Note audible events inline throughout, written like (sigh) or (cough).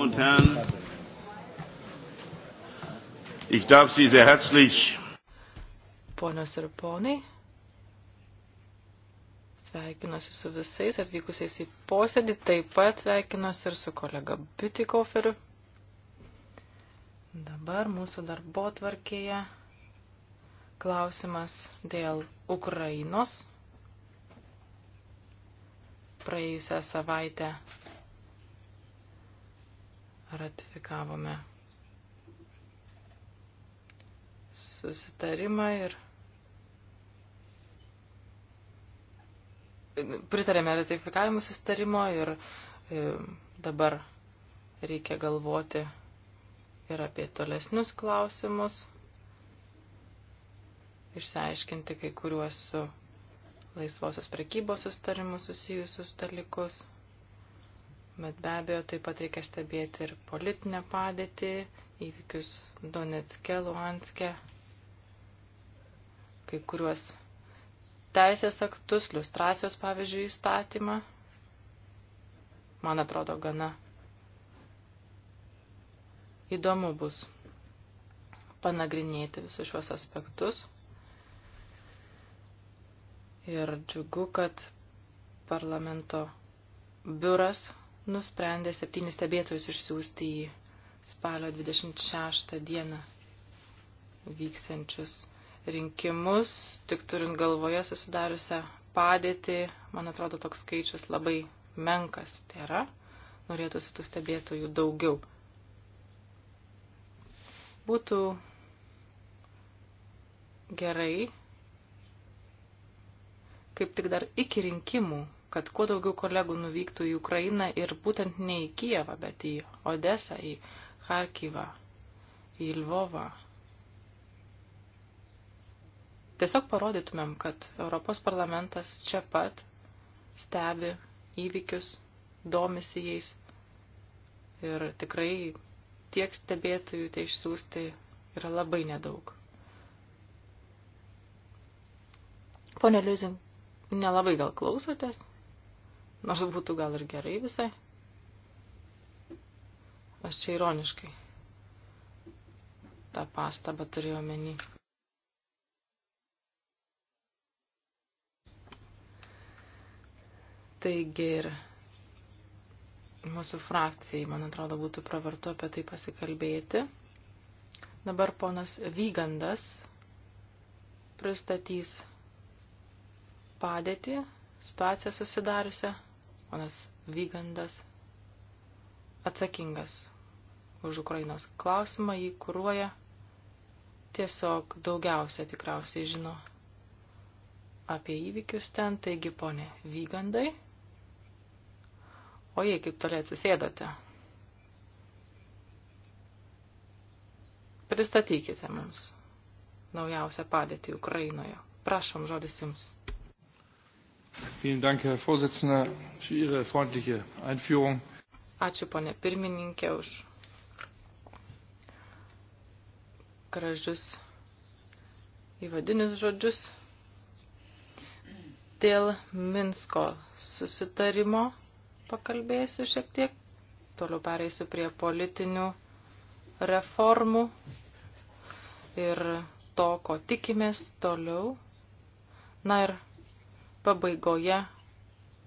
Damen und Herren, ich darf Sie sehr herzlich. Ponios ir ponai, sveikinuosi su visais atvykusiais į posėdį, taip pat sveikinuosi ir su kolega Biutikoferiu. Dabar mūsų darbo tvarkėje klausimas dėl Ukrainos. Praėjusią savaitę ratifikavome susitarimą ir pritarėme ratifikavimui susitarimo ir e, dabar reikia galvoti ir apie tolesnius klausimus, išsiaiškinti kai kuriuos su laisvosios prekybos sustarimu susijusius dalykus bet be abejo taip pat reikia stebėti ir politinę padėtį, įvykius Donetske, Luanske, kai kuriuos teisės aktus, liustracijos pavyzdžiui įstatymą. Man atrodo, gana įdomu bus panagrinėti visus šiuos aspektus. Ir džiugu, kad parlamento biuras nusprendė septynis stebėtojus išsiųsti į spalio 26 dieną vyksiančius rinkimus, tik turint galvoje susidariusią padėtį, man atrodo, toks skaičius labai menkas. Tai yra, norėtųsi tų stebėtojų daugiau. Būtų gerai, kaip tik dar iki rinkimų kad kuo daugiau kolegų nuvyktų į Ukrainą ir būtent ne į Kijevą, bet į Odesą, į Harkivą, į Lvovą. Tiesiog parodytumėm, kad Europos parlamentas čia pat stebi įvykius, domisi jais ir tikrai tiek stebėtojų tai išsiųsti yra labai nedaug. Pone Liuzin, nelabai gal klausotės? Nors būtų gal ir gerai visai. Aš čia ironiškai tą pastabą turėjau menį. Taigi ir mūsų frakcijai, man atrodo, būtų pravartu apie tai pasikalbėti. Dabar ponas Vygandas pristatys padėtį, situaciją susidariusią panas Vygandas, atsakingas už Ukrainos klausimą, jį kūruoja, tiesiog daugiausia tikriausiai žino apie įvykius ten, taigi ponė Vygandai, o jei kaip toliai atsisėdote, pristatykite mums naujausią padėtį Ukrainoje. Prašom, žodis jums. Vielen Dank, Herr Vorsitzender, für Ihre freundliche Einführung. Ačiū, ponė pirmininkė, už gražius įvadinius žodžius. Dėl Minsko susitarimo pakalbėsiu šiek tiek, toliau pereisiu prie politinių reformų ir to, ko tikimės toliau. Na ir pabaigoje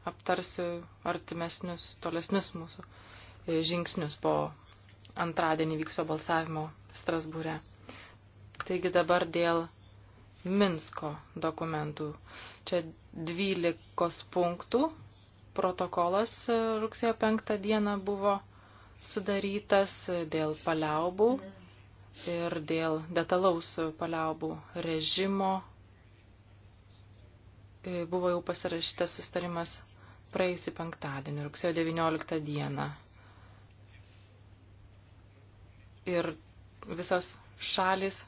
aptarsiu artimesnius, tolesnius mūsų e, žingsnius po antradienį vyksio balsavimo Strasbūre. Taigi dabar dėl Minsko dokumentų. Čia 12 punktų protokolas e, rugsėjo 5 dieną buvo sudarytas e, dėl paliaubų ir dėl detalaus paliaubų režimo E, buvo jau pasirašytas sustarimas praėjusį penktadienį, rugsėjo 19 dieną. Ir visos šalis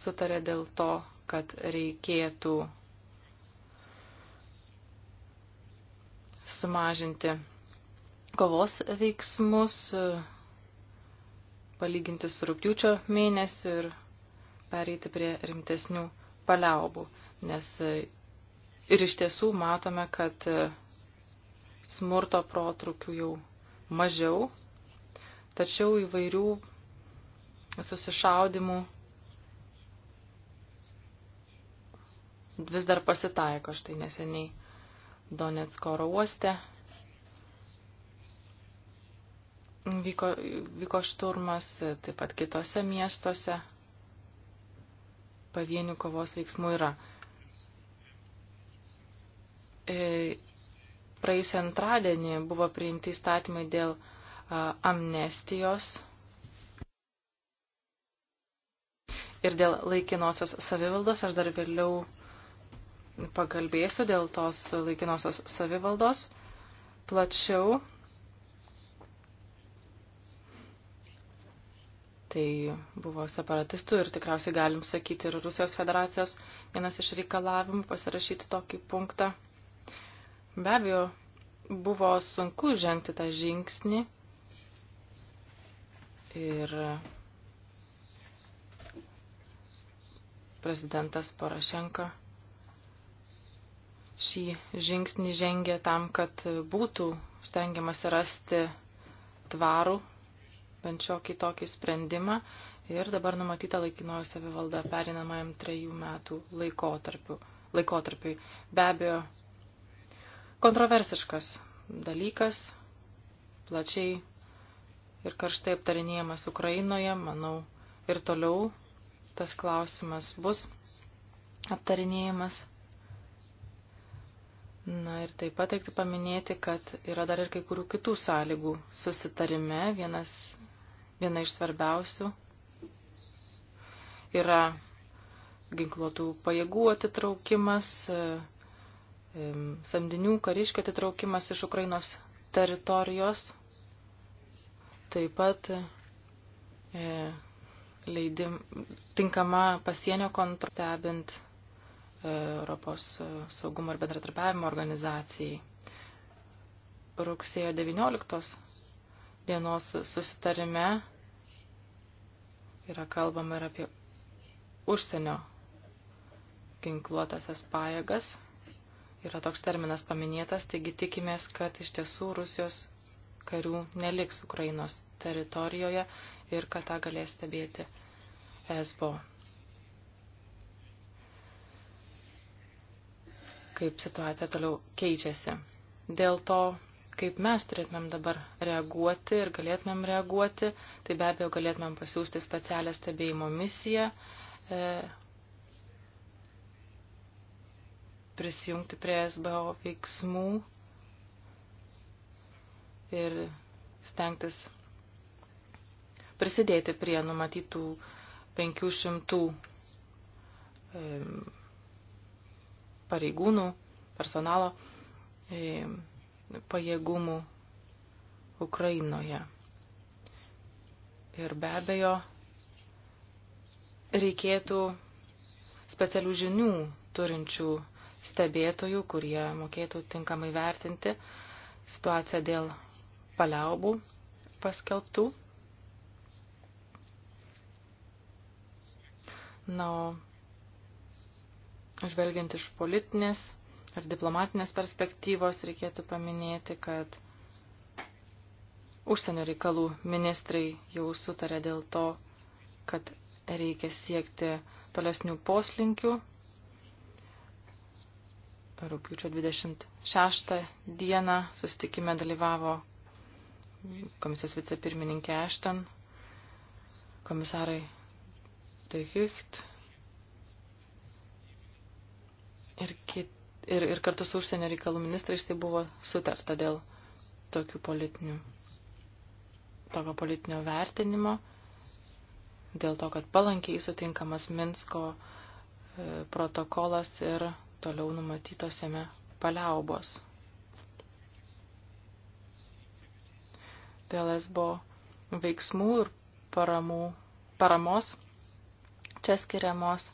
sutarė dėl to, kad reikėtų sumažinti kovos veiksmus, palyginti su rūpiučio mėnesiu ir pereiti prie rimtesnių paliaubų, nes Ir iš tiesų matome, kad e, smurto protrukių jau mažiau, tačiau įvairių susišaudimų vis dar pasitaiko. Štai neseniai Donetsko oro uoste vyko, vyko šturmas, e, taip pat kitose miestuose pavienių kovos veiksmų yra. E, praėjusią antradienį buvo priimti įstatymai dėl e, amnestijos ir dėl laikinosios savivaldos. Aš dar vėliau pakalbėsiu dėl tos laikinosios savivaldos plačiau. Tai buvo separatistų ir tikriausiai galim sakyti ir Rusijos federacijos vienas iš reikalavimų pasirašyti tokį punktą Be abejo, buvo sunku žengti tą žingsnį ir prezidentas Parašenka šį žingsnį žengė tam, kad būtų stengiamas rasti tvarų, bent šiokį tokį sprendimą ir dabar numatyta laikinojo savivalda perinamajam trejų metų laikotarpiu. laikotarpiui. Be abejo, kontroversiškas dalykas, plačiai ir karštai aptarinėjamas Ukrainoje, manau, ir toliau tas klausimas bus aptarinėjamas. Na ir taip pat reiktų paminėti, kad yra dar ir kai kurių kitų sąlygų susitarime. Vienas, viena iš svarbiausių yra ginkluotų pajėgų atitraukimas, e, samdinių kariškių atitraukimas iš Ukrainos teritorijos, taip pat e, leidim, tinkama pasienio kontrolė stebint e, Europos saugumo ir bendratarpiavimo organizacijai. Rugsėjo 19 dienos susitarime yra kalbama ir apie užsienio ginkluotasias pajėgas yra toks terminas paminėtas, taigi tikimės, kad iš tiesų Rusijos karių neliks Ukrainos teritorijoje ir kad tą galės stebėti ESBO. Kaip situacija toliau keičiasi. Dėl to, kaip mes turėtumėm dabar reaguoti ir galėtumėm reaguoti, tai be abejo galėtumėm pasiūsti specialią stebėjimo misiją e, prisijungti prie SBO veiksmų ir stengtis prisidėti prie numatytų 500 pareigūnų, personalo pajėgumų Ukrainoje. Ir be abejo, reikėtų specialių žinių turinčių stebėtojų, kurie mokėtų tinkamai vertinti situaciją dėl paliaubų paskelbtų. Na, o žvelgiant iš politinės ar diplomatinės perspektyvos reikėtų paminėti, kad užsienio reikalų ministrai jau sutarė dėl to, kad reikia siekti tolesnių poslinkių rūpiučio 26 dieną sustikime dalyvavo komisijos vicepirmininkė Ešton, komisarai Dehicht ir, kit, ir, ir kartu su užsienio reikalų ministrais tai buvo sutarta dėl tokių politinių, tokio politinio vertinimo, dėl to, kad palankiai sutinkamas Minsko e, protokolas ir toliau numatytos jame paliaubos. Dėl esbo veiksmų ir paramų, paramos čia skiriamos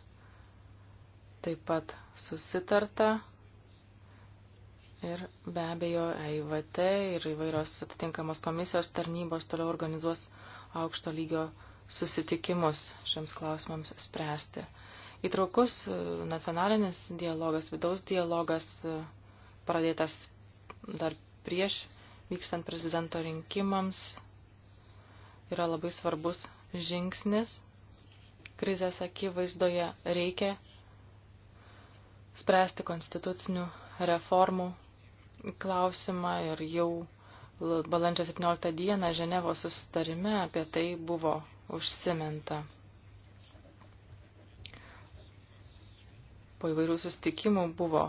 taip pat susitarta ir be abejo EIVT ir įvairios atitinkamos komisijos tarnybos toliau organizuos aukšto lygio susitikimus šiems klausimams spręsti. Įtraukus e, nacionalinis dialogas, vidaus dialogas e, pradėtas dar prieš vykstant prezidento rinkimams yra labai svarbus žingsnis. Krizės akivaizdoje reikia spręsti konstitucinių reformų klausimą ir jau balandžio 17 dieną Ženevos susitarime apie tai buvo užsiminta. po įvairių sustikimų buvo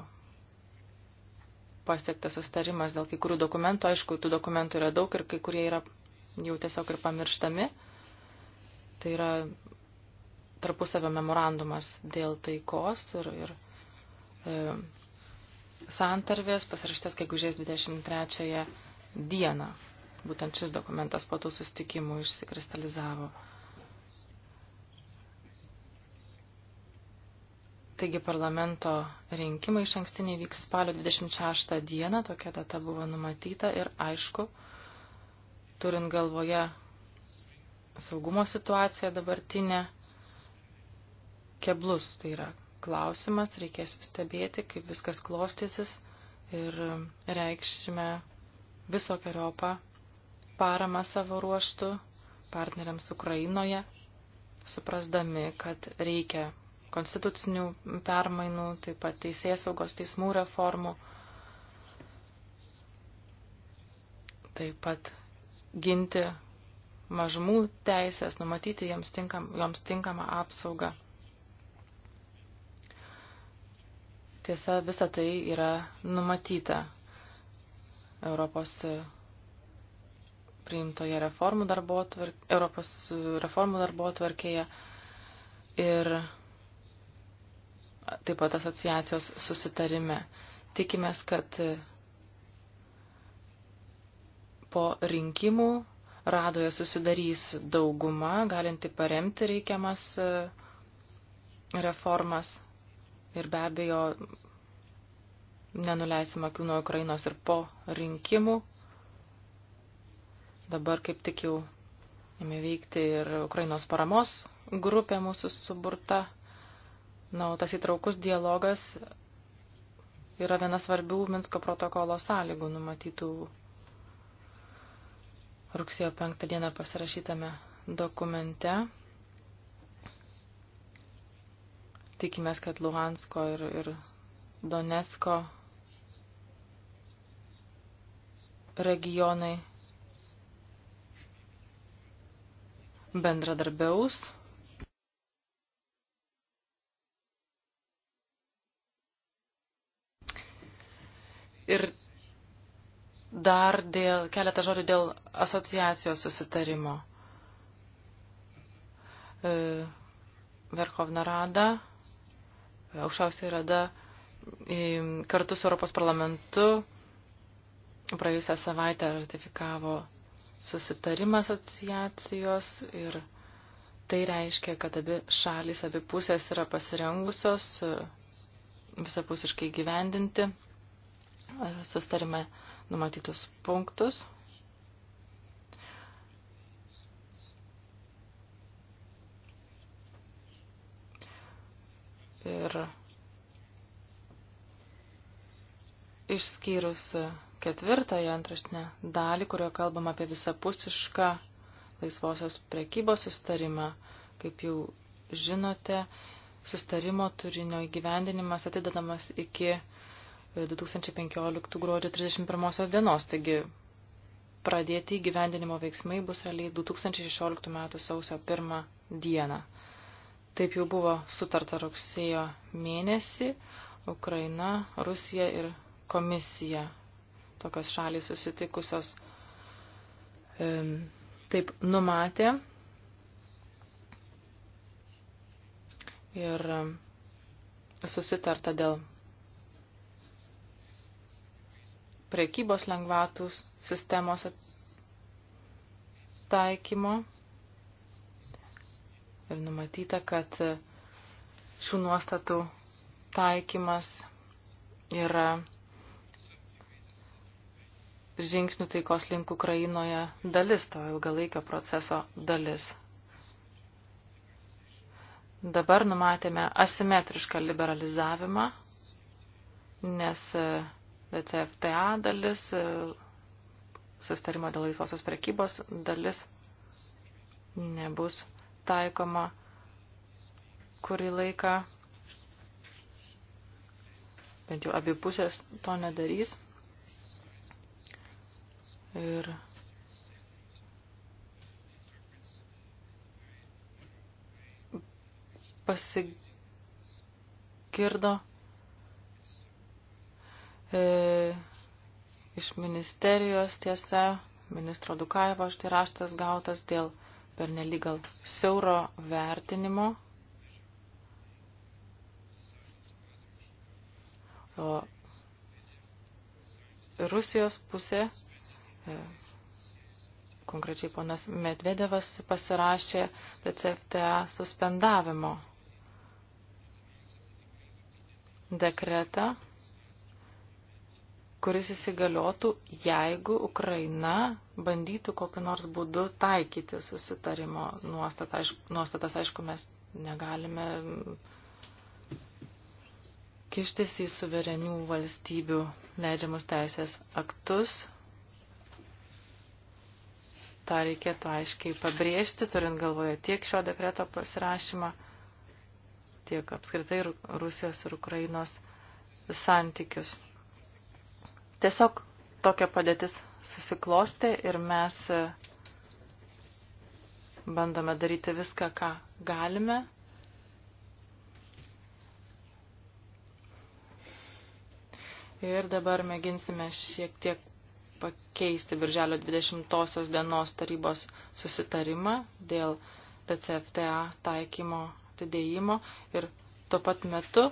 pasiektas sustarimas dėl kai kurių dokumentų. Aišku, tų dokumentų yra daug ir kai kurie yra jau tiesiog ir pamirštami. Tai yra tarpusavio memorandumas dėl taikos ir, ir e, santarvės pasirašytas gegužės 23 dieną. Būtent šis dokumentas po tų sustikimų išsikristalizavo. Taigi parlamento rinkimai iš ankstiniai vyks spalio 26 dieną, tokia data buvo numatyta ir aišku, turint galvoje saugumo situaciją dabartinę, keblus tai yra klausimas, reikės stebėti, kaip viskas klostysis ir reikšime visokiojopą paramą savo ruoštų partneriams Ukrainoje, suprasdami, kad reikia konstitucinių permainų, taip pat teisės saugos teismų reformų, taip pat ginti mažumų teisės, numatyti joms, tinkam, joms tinkamą apsaugą. Tiesa, visa tai yra numatyta Europos priimtoje reformų darbo, tvark, Europos reformų darbo tvarkėje ir taip pat asociacijos susitarime. Tikimės, kad po rinkimų radoje susidarys dauguma, galinti paremti reikiamas e, reformas ir be abejo nenuleisim akių nuo Ukrainos ir po rinkimų. Dabar kaip tik jau ėmė veikti ir Ukrainos paramos grupė mūsų suburta. Na, o tas įtraukus dialogas yra viena svarbių Minsko protokolo sąlygų numatytų rugsėjo 5 dieną pasirašytame dokumente. Tikimės, kad Luhansko ir, ir Donetsko regionai bendradarbiaus Ir dar dėl, keletą žodžių dėl asociacijos susitarimo. E, Verhovna Rada, aukščiausiai Rada, kartu su Europos parlamentu praėjusią savaitę ratifikavo susitarimą asociacijos ir tai reiškia, kad abi šalis, abi pusės yra pasirengusios e, visapusiškai gyvendinti sustarime numatytus punktus. Ir išskyrus ketvirtąją antraštinę dalį, kurioje kalbam apie visapusišką laisvosios prekybos sustarimą, kaip jau žinote, sustarimo turinio įgyvendinimas atidedamas iki 2015 gruodžio 31 dienos, taigi pradėti įgyvendinimo veiksmai bus realiai 2016 m. sausio 1 dieną. Taip jau buvo sutarta rugsėjo mėnesį Ukraina, Rusija ir komisija. Tokios šalys susitikusios taip numatė. Ir susitarta dėl prekybos lengvatų sistemos taikymo. Ir numatyta, kad šių nuostatų taikymas yra žingsnių taikos link Ukrainoje dalis to ilgalaikio proceso dalis. Dabar numatėme asimetrišką liberalizavimą, nes uh, CFTA dalis, e, sustarimo dėl laisvosios prekybos dalis nebus taikoma kurį laiką, bent jau abi pusės to nedarys. Ir pasigirdo e, iš ministerijos tiesa, ministro Dukaevo štai raštas gautas dėl per nelygal siauro vertinimo. O Rusijos pusė, e, konkrečiai ponas Medvedevas pasirašė PCFTA suspendavimo dekretą kuris įsigaliotų, jeigu Ukraina bandytų kokiu nors būdu taikyti susitarimo nuostatą. Aišku, nuostatas. Aišku, mes negalime kištis į suverenių valstybių leidžiamus teisės aktus. Ta reikėtų aiškiai pabrėžti, turint galvoje tiek šio dekreto pasirašymą, tiek apskritai Rusijos ir Ukrainos santykius. Tiesiog tokia padėtis susiklosti ir mes e, bandome daryti viską, ką galime. Ir dabar mėginsime šiek tiek pakeisti Birželio 20 dienos tarybos susitarimą dėl DCFTA taikymo atidėjimo ir tuo pat metu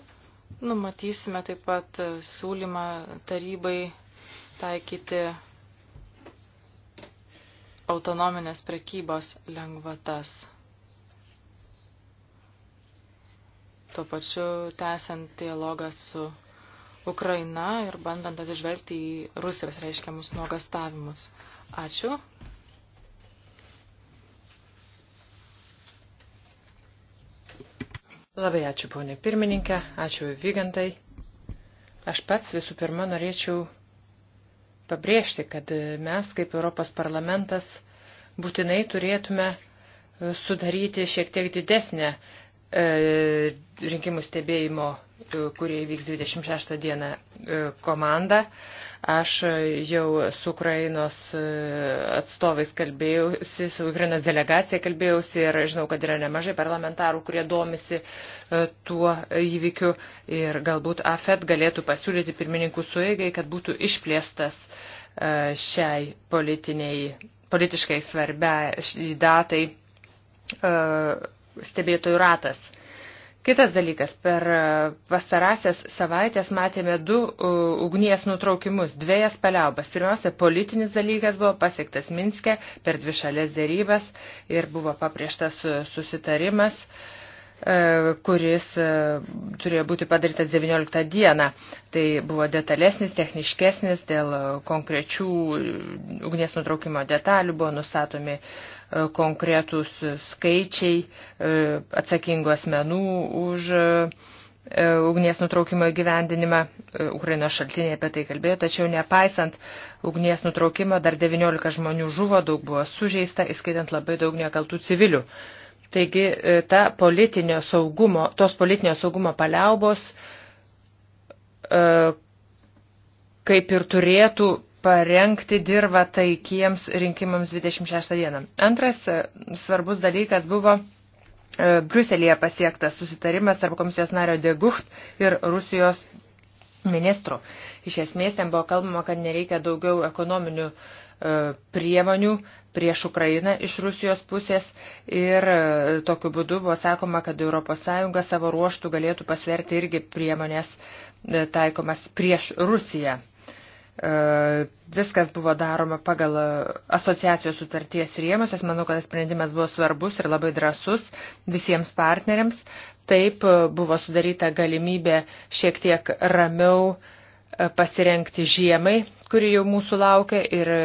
Numatysime taip pat e, siūlymą tarybai taikyti autonominės prekybos lengvatas. Tuo pačiu tęsiant dialogą su Ukraina ir bandant atsižvelgti į Rusijos reiškiamus nuogastavimus. Ačiū. Labai ačiū, ponė pirmininkė, ačiū Vygantai. Aš pats visų pirma norėčiau pabrėžti, kad mes kaip Europos parlamentas būtinai turėtume sudaryti šiek tiek didesnę e, rinkimų stebėjimo, e, kurie įvyks 26 dieną e, komandą. Aš jau su Ukrainos e, atstovais kalbėjausi, su Ukrainos delegacija kalbėjausi ir žinau, kad yra nemažai parlamentarų, kurie domisi e, tuo įvykiu ir galbūt AFET galėtų pasiūlyti pirmininkų suėgai, kad būtų išplėstas e, šiai politiniai, politiškai svarbia datai stebėtojų ratas. Kitas dalykas, per e, pastarąsias savaitės matėme du e, ugnies nutraukimus, dviejas paliaubas. Pirmiausia, politinis dalykas buvo pasiektas Minske per dvi šalės dėrybas ir buvo paprieštas e, susitarimas. Uh, E, kuris e, turėjo būti padarytas 19 dieną. Tai buvo detalesnis, techniškesnis, dėl konkrečių ugnies nutraukimo detalių buvo nustatomi e, konkretūs skaičiai atsakingų asmenų už ugnies nutraukimo įgyvendinimą. Ukrainos šaltiniai apie tai kalbėjo, tačiau nepaisant ugnies nutraukimo dar 19 žmonių žuvo, daug buvo sužeista, įskaitant labai daug nekaltų civilių. Taigi e, ta politinio saugumo, tos politinio saugumo paliaubos e, kaip ir turėtų parengti dirbą taikiems rinkimams 26 dieną. Antras e, svarbus dalykas buvo Bruselėje pasiektas susitarimas tarp komisijos nario Degucht ir Rusijos ministrų. Iš esmės ten buvo kalbama, kad nereikia daugiau ekonominių uh, E, priemonių prieš Ukrainą iš Rusijos pusės ir e, tokiu būdu buvo sakoma, kad ES savo ruoštų galėtų pasverti irgi priemonės e, taikomas prieš Rusiją. Viskas buvo daroma pagal asociacijos sutarties rėmus. Aš manau, kad sprendimas buvo svarbus ir labai drasus visiems partneriams. Taip buvo sudaryta galimybė šiek tiek ramiau pasirengti žiemai, kuri jau mūsų laukia ir e,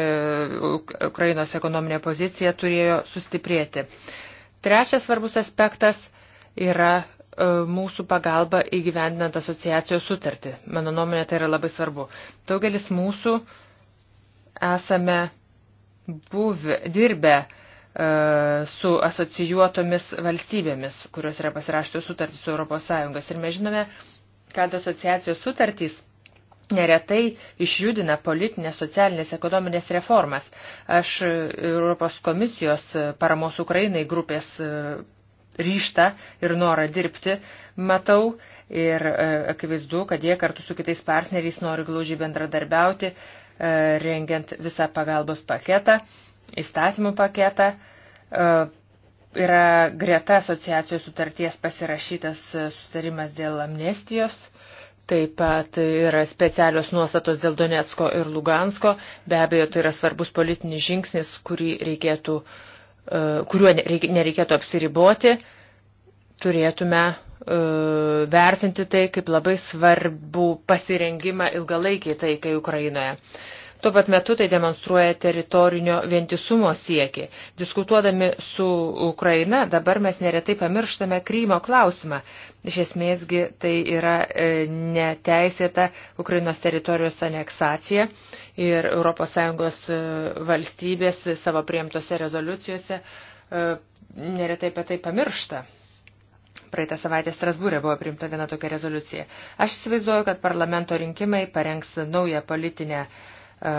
Ukrainos ekonominė pozicija turėjo sustiprėti. Trečias svarbus aspektas yra e, mūsų pagalba įgyvendinant asociacijos sutartį. Mano nuomonė tai yra labai svarbu. Daugelis mūsų esame buvę, dirbę e, su asocijuotomis valstybėmis, kurios yra pasirašytos sutartys su ES. Ir mes žinome, kad asociacijos sutartys neretai išjudina politinės, socialinės, ekonominės reformas. Aš e, Europos komisijos e, paramos Ukrainai grupės e, ryštą ir norą dirbti matau ir akivaizdu, kad jie kartu su kitais partneriais nori glaužiai bendradarbiauti, rengiant visą pagalbos paketą, įstatymų paketą. Yra greta asociacijos sutarties pasirašytas sutarimas dėl amnestijos Taip pat yra specialios nuostatos dėl Donetsko ir Lugansko. Be abejo, tai yra svarbus politinis žingsnis, reikėtų, e, kuriuo nereikėtų apsiriboti. Turėtume e, vertinti tai kaip labai svarbu pasirengimą ilgalaikiai taikai Ukrainoje. Tuo pat metu tai demonstruoja teritorinio vientisumo siekį. Diskutuodami su Ukraina, dabar mes neretai pamirštame Krymo klausimą. Iš esmėsgi tai yra e, neteisėta Ukrainos teritorijos aneksacija ir ES e, valstybės savo priimtose rezoliucijose e, neretai apie tai pamiršta. Praeitą savaitę Strasbūrė buvo priimta viena tokia rezoliucija. Aš įsivaizduoju, kad parlamento rinkimai parengs naują politinę uh, E,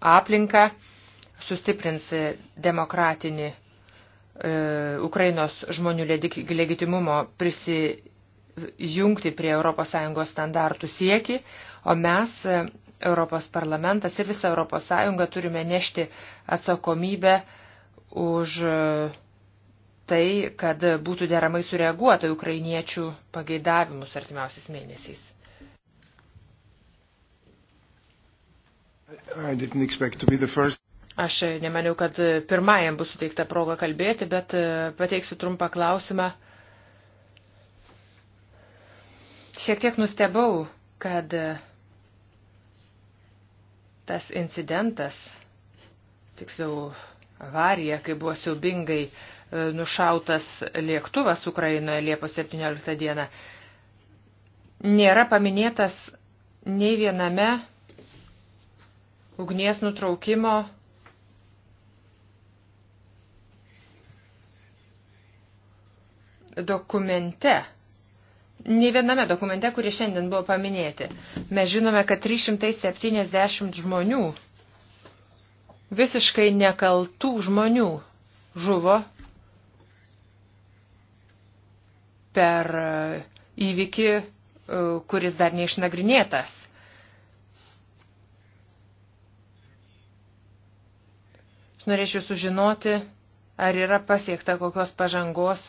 aplinką, sustiprins demokratinį e, Ukrainos žmonių legitimumo prisijungti prie ES standartų sieki, o mes, e, Europos parlamentas ir visa ES, turime nešti atsakomybę už tai, kad būtų deramai sureaguota ukrainiečių pageidavimus artimiausiais mėnesiais. Aš nemaniau, kad pirmajam bus suteikta proga kalbėti, bet e, pateiksiu trumpą klausimą. Šiek tiek nustebau, kad e, tas incidentas, tiksliau avarija, kai buvo siaubingai e, nušautas lėktuvas Ukrainoje Liepos 17 dieną, nėra paminėtas nei viename ugnies nutraukimo. Dokumente, nei viename dokumente, kurie šiandien buvo paminėti, mes žinome, kad 370 žmonių, visiškai nekaltų žmonių žuvo per e, įvykį, e, kuris dar neišnagrinėtas. norėčiau sužinoti, ar yra pasiekta kokios pažangos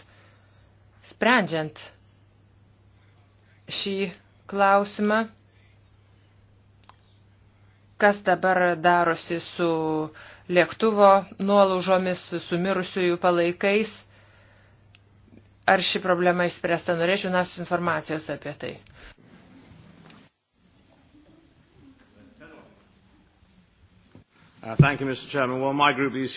sprendžiant šį klausimą, kas dabar darosi su lėktuvo nuolaužomis, su mirusiųjų palaikais, ar ši problema išspręsta, norėčiau nas informacijos apie tai. Uh, e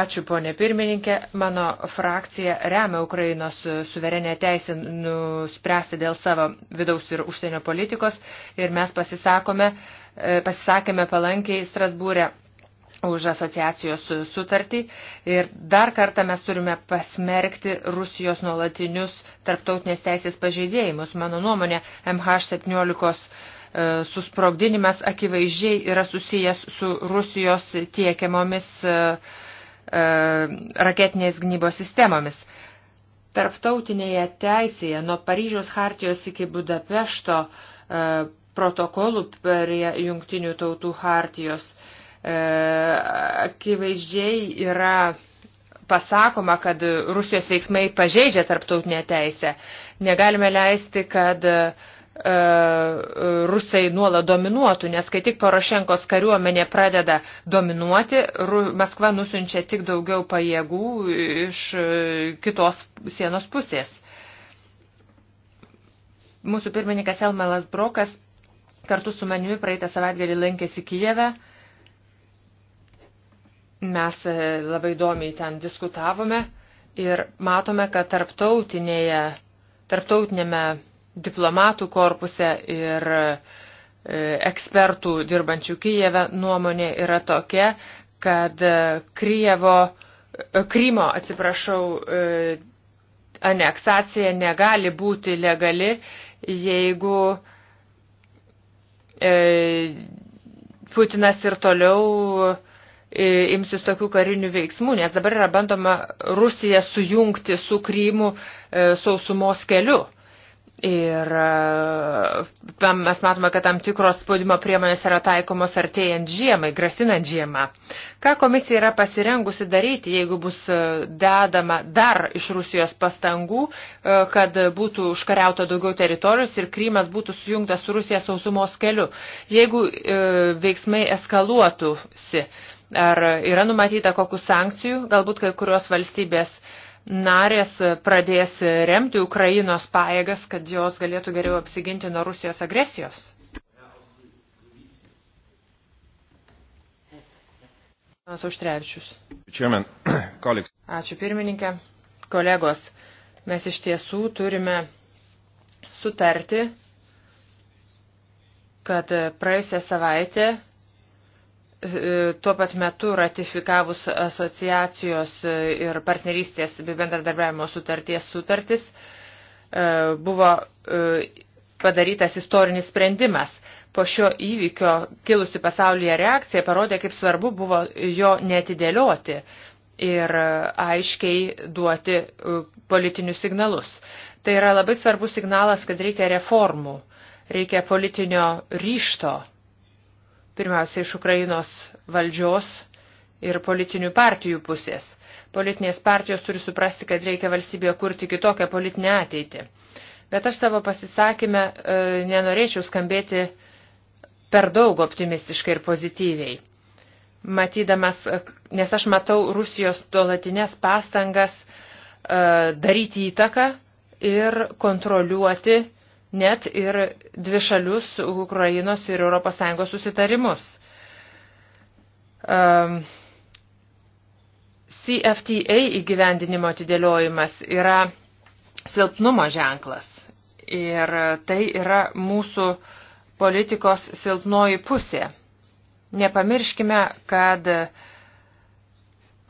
Ačiū, ponė pirmininkė. Mano frakcija remia Ukrainos suverenę teisę nuspręsti dėl savo vidaus ir užsienio politikos ir mes pasisakome, e, pasisakėme palankiai Strasbūrė už asociacijos sutartį ir dar kartą mes turime pasmerkti Rusijos nuolatinius tarptautinės teisės pažeidėjimus. Mano nuomonė, MH17 E, susprogdinimas akivaizdžiai yra susijęs su Rusijos tiekiamomis e, e, raketinės gynybos sistemomis. Tarptautinėje teisėje nuo Paryžiaus hartijos iki Budapešto protokolų prie jungtinių tautų hartijos akivaizdžiai yra pasakoma, kad Rusijos veiksmai pažeidžia tarptautinę teisę. Negalime leisti, kad uh, E, e, rusai nuolat dominuotų, nes kai tik Porošenkos kariuomenė pradeda dominuoti, Maskva nusinčia tik daugiau pajėgų iš e, kitos sienos pusės. Mūsų pirmininkas Elmelas Brokas kartu su manimi praeitą savaitgalį lankėsi Kijeve. Mes labai įdomiai ten diskutavome ir matome, kad tarptautinėje, tarptautinėme diplomatų korpuse ir e, ekspertų dirbančių Kijeve nuomonė yra tokia, kad e, Kryjevo, e, Krymo, atsiprašau, aneksacija negali būti legali, jeigu Putinas ir toliau imsis tokių karinių veiksmų, nes dabar yra bandoma Rusiją sujungti su Krymu sausumos keliu. Ir e, mes matome, kad tam tikros spaudimo priemonės yra taikomos artėjant žiemai, grasinant žiemą. Ką komisija yra pasirengusi daryti, jeigu bus e, dedama dar iš Rusijos pastangų, e, kad būtų užkariauta daugiau teritorijos ir Krymas būtų sujungtas su Rusija sausumos keliu? Jeigu veiksmai eskaluotųsi, ar yra numatyta kokių sankcijų, galbūt kai kurios valstybės narės pradės remti Ukrainos paėgas, kad jos galėtų geriau apsiginti nuo Rusijos agresijos? (coughs) Ačiū pirmininkė. Kolegos, mes iš tiesų turime sutarti, kad praėjusią savaitę tuo pat metu ratifikavus asociacijos ir partnerystės bei bendradarbiavimo sutarties sutartis e, buvo e, padarytas istorinis sprendimas. Po šio įvykio kilusi pasaulyje reakcija parodė, kaip svarbu buvo jo netidėlioti ir aiškiai duoti e, politinius signalus. Tai yra labai svarbus signalas, kad reikia reformų, reikia politinio ryšto Pirmiausia, iš Ukrainos valdžios ir politinių partijų pusės. Politinės partijos turi suprasti, kad reikia valstybėje kurti kitokią politinę ateitį. Bet aš savo pasisakymę e, nenorėčiau skambėti per daug optimistiškai ir pozityviai. Matydamas, e, nes aš matau Rusijos tuolatinės pastangas e, daryti įtaką ir kontroliuoti e, net ir dvišalius Ukrainos ir ES susitarimus. Um, ehm, CFTA įgyvendinimo atidėliojimas yra silpnumo ženklas ir tai yra mūsų politikos silpnoji pusė. Nepamirškime, kad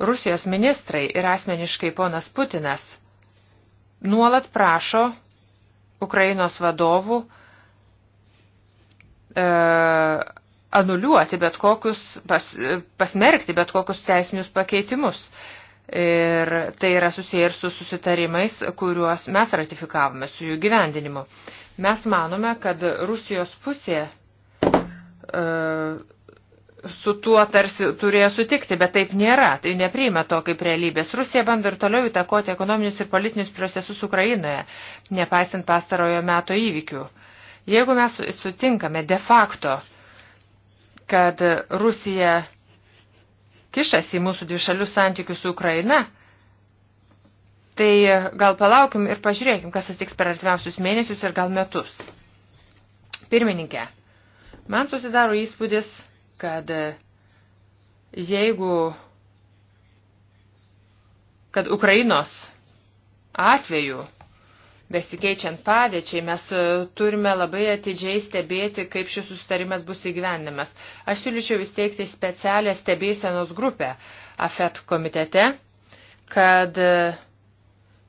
Rusijos ministrai ir asmeniškai ponas Putinas nuolat prašo Ukrainos vadovų e, anuliuoti bet kokius, pas, pasmerkti bet kokius teisinius pakeitimus. Ir tai yra susiję ir su susitarimais, kuriuos mes ratifikavome su jų gyvendinimu. Mes manome, kad Rusijos pusė e, su tuo tarsi turėjo sutikti, bet taip nėra, tai nepriima to kaip realybės. Rusija bando ir toliau įtakoti ekonominius ir politinius procesus Ukrainoje, nepaisant pastarojo meto įvykių. Jeigu mes sutinkame de facto, kad Rusija kišasi į mūsų dvišalius santykius su Ukraina, tai gal palaukim ir pažiūrėkim, kas atsitiks per artimiausius mėnesius ir gal metus. Pirmininkė, man susidaro įspūdis, kad jeigu kad Ukrainos atveju besikeičiant padėčiai, mes e, turime labai atidžiai stebėti, kaip šis sustarimas bus įgyvenimas. Aš siūlyčiau įsteigti specialią stebėsenos grupę AFET komitete, kad e,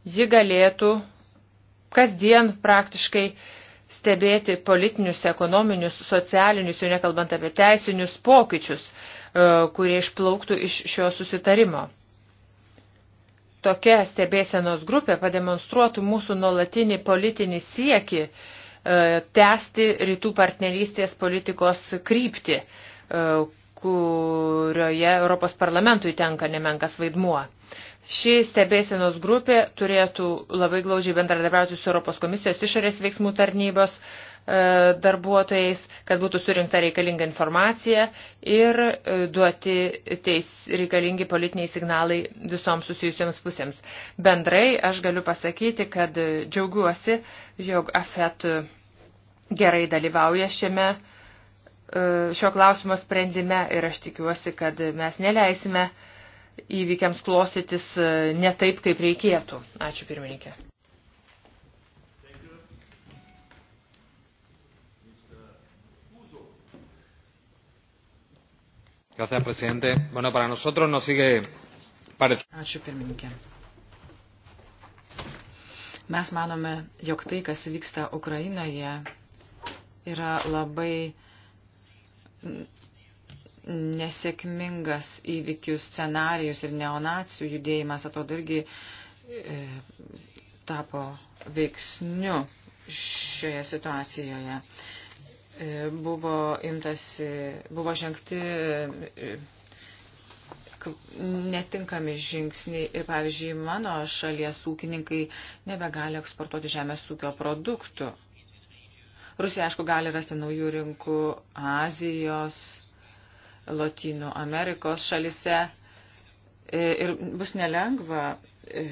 ji galėtų kasdien praktiškai stebėti politinius, ekonominius, socialinius, jau nekalbant apie teisinius pokyčius, e, kurie išplauktų iš šio susitarimo. Tokia stebėsenos grupė pademonstruotų mūsų nuolatinį politinį siekį e, tęsti rytų partnerystės politikos kryptį, e, kurioje Europos parlamentui tenka nemenkas vaidmuo. Ši stebėsenos grupė turėtų labai glaužiai bendradarbiauti su Europos komisijos išorės veiksmų tarnybos e, darbuotojais, kad būtų surinkta reikalinga informacija ir e, duoti teis, reikalingi politiniai signalai visoms susijusiams pusėms. Bendrai aš galiu pasakyti, kad džiaugiuosi, jog AFET gerai dalyvauja šiame e, šio klausimo sprendime ir aš tikiuosi, kad mes neleisime uh, įvykiams klostytis e, ne taip, kaip reikėtų. Ačiū pirmininkė. Gracias, presidente. Bueno, para nosotros nos sigue pareciendo. Ačiū pirmininkė. Mes manome, jog tai, kas vyksta Ukrainoje, yra labai nesėkmingas įvykių scenarijus ir neonacijų judėjimas atrodo irgi e, tapo veiksniu šioje situacijoje. E, buvo imtasi, buvo žengti e, netinkami žingsniai ir, pavyzdžiui, mano šalies ūkininkai nebegali eksportuoti žemės ūkio produktų. Rusija, aišku, gali rasti naujų rinkų Azijos, Lotynų Amerikos šalise e, ir bus nelengva e,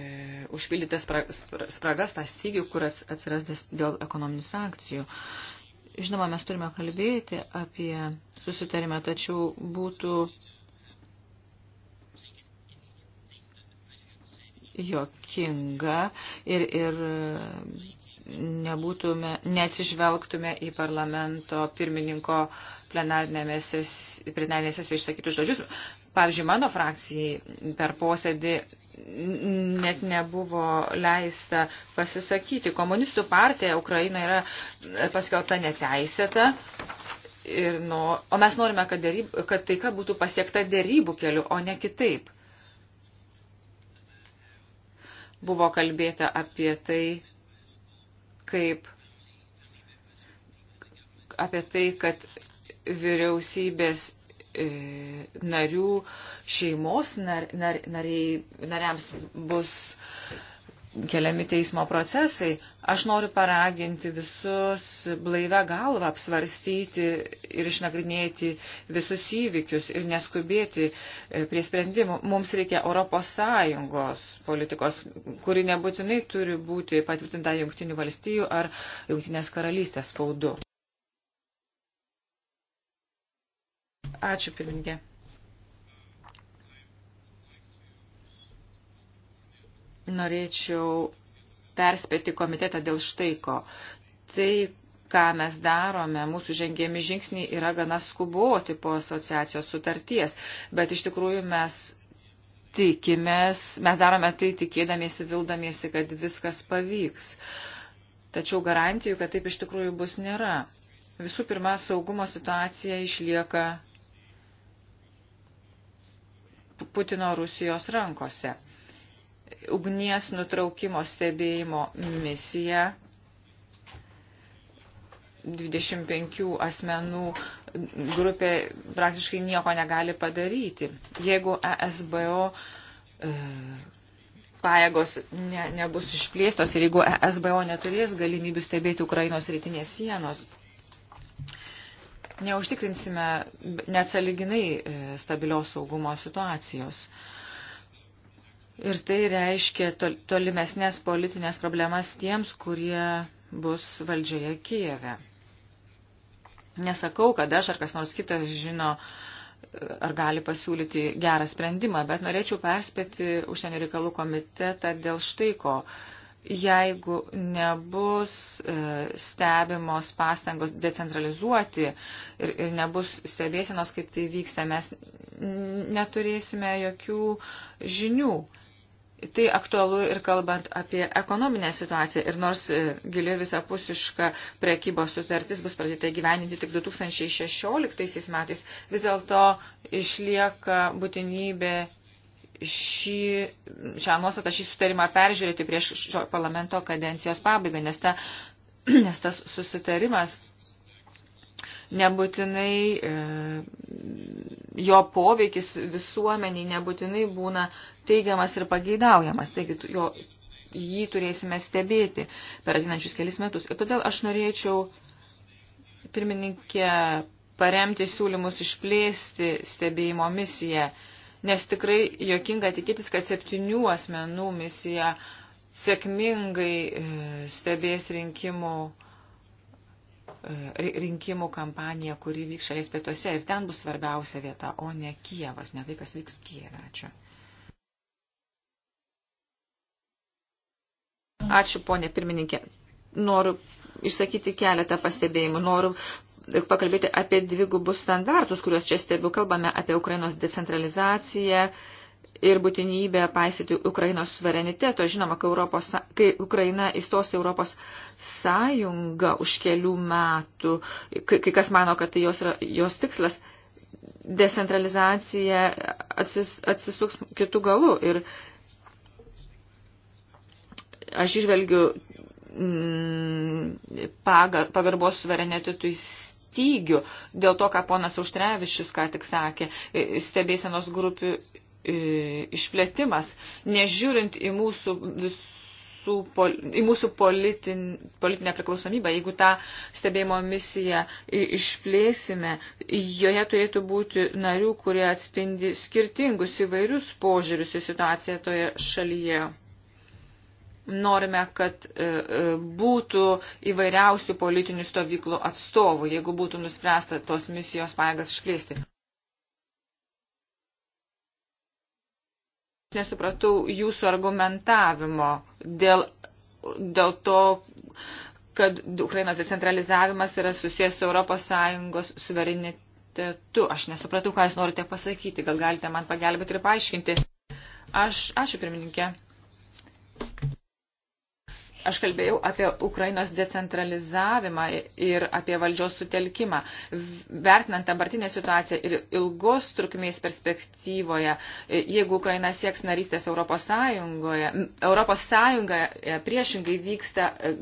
užpildyti spragas, tą stygių, kur atsiras dėl ekonominių sankcijų. Žinoma, mes turime kalbėti apie susitarimą, tačiau būtų jokinga ir, ir nebūtume, neatsižvelgtume į parlamento pirmininko uh, plenarinėje sesijoje išsakytus žodžius. Pavyzdžiui, mano frakcijai per posėdį net nebuvo leista pasisakyti. Komunistų partija Ukraina yra e, paskelbta neteisėta. Ir no, o mes norime, kad, dėryb, kad taika būtų pasiekta dėrybų keliu, o ne kitaip. Buvo kalbėta apie tai, kaip apie tai, kad vyriausybės e, narių šeimos nar, nar, nariai, nariams bus keliami teismo procesai. Aš noriu paraginti visus blaivę galvą apsvarstyti ir išnagrinėti visus įvykius ir neskubėti e, prie sprendimų. Mums reikia Europos Sąjungos politikos, kuri nebūtinai turi būti patvirtinta Junktinių valstijų ar Junktinės karalystės spaudu. Ačiū pirmininkė. Norėčiau perspėti komitetą dėl štaiko. Tai, ką mes darome, mūsų žengėmi žingsniai yra gana skuboti po asociacijos sutarties, bet iš tikrųjų mes tikimės, mes darome tai tikėdamiesi, vildamiesi, kad viskas pavyks. Tačiau garantijų, kad taip iš tikrųjų bus nėra. Visų pirma, saugumo situacija išlieka Putino Rusijos rankose. Ugnies nutraukimo stebėjimo misija 25 asmenų grupė praktiškai nieko negali padaryti. Jeigu ESBO e, pajėgos ne, nebus išplėstos ir jeigu ESBO neturės galimybių stebėti Ukrainos rytinės sienos, neužtikrinsime neatsaliginai e, stabilios saugumo situacijos. Ir tai reiškia tolimesnės politinės problemas tiems, kurie bus valdžioje Kijeve. Nesakau, kad aš ar kas nors kitas žino, e, ar gali pasiūlyti gerą sprendimą, bet norėčiau perspėti užsienio reikalų komitetą dėl štai ko jeigu nebus e, stebimos pastangos decentralizuoti ir, ir nebus stebėsienos, kaip tai vyksta, mes neturėsime jokių žinių. Tai aktualu ir kalbant apie ekonominę situaciją. Ir nors e, gili visapusiška prekybos sutartis bus pradėta gyveninti tik 2016 metais, vis dėlto išlieka būtinybė šį, šią nuostatą, šį sutarimą peržiūrėti prieš šio parlamento kadencijos pabaigą, nes, ta, (clears throat) nes tas susitarimas nebūtinai e, jo poveikis visuomeniai nebūtinai būna teigiamas ir pageidaujamas. Taigi jo, jį turėsime stebėti per atinančius kelis metus. Ir todėl aš norėčiau, pirmininkė, paremti siūlymus išplėsti stebėjimo misiją. E, nes tikrai jokinga tikėtis, kad septynių asmenų misija sėkmingai e, stebės rinkimų, e, rinkimų kampaniją, kuri vyks šalies pietuose ir ten bus svarbiausia vieta, o ne Kievas, ne tai, kas vyks Kijeve. Ačiū. Ačiū, ponė pirmininkė. Noriu išsakyti keletą pastebėjimų. Noriu pakalbėti apie dvigubus standartus, kuriuos čia stebiu. Kalbame apie Ukrainos decentralizaciją ir būtinybę paisyti Ukrainos suvereniteto. Žinoma, kai, Europos, kai Ukraina įstos Europos sąjungą už kelių metų, kai, kai kas mano, kad tai jos, yra, jos tikslas, decentralizacija atsis, atsisuks kitų galų. Ir aš išvelgiu mm, pagarbos suverenitetui stygių dėl to, ką ponas Auštrevičius ką tik sakė, e, stebėsenos grupių e, išplėtimas, nežiūrint į mūsų visų, į mūsų politin, politinę priklausomybę. Jeigu tą stebėjimo misiją išplėsime, joje turėtų būti narių, kurie atspindi skirtingus įvairius požiūrius į situaciją toje šalyje norime, kad e, e, būtų įvairiausių politinių stovyklų atstovų, jeigu būtų nuspręsta tos misijos paėgas išplėsti. Nesupratau jūsų argumentavimo dėl, dėl to, kad Ukrainos decentralizavimas yra susijęs su ES suverenitetu. Aš nesupratau, ką jūs norite pasakyti. Gal galite man pagelbėti ir paaiškinti. Aš, ačiū pirmininkė. Aš kalbėjau apie Ukrainos decentralizavimą ir apie valdžios sutelkimą. Vertinant dabartinę situaciją ir ilgos trukmės perspektyvoje, jeigu Ukraina sieks narystės Europos Sąjungoje, Europos Sąjungoje priešingai vyksta e,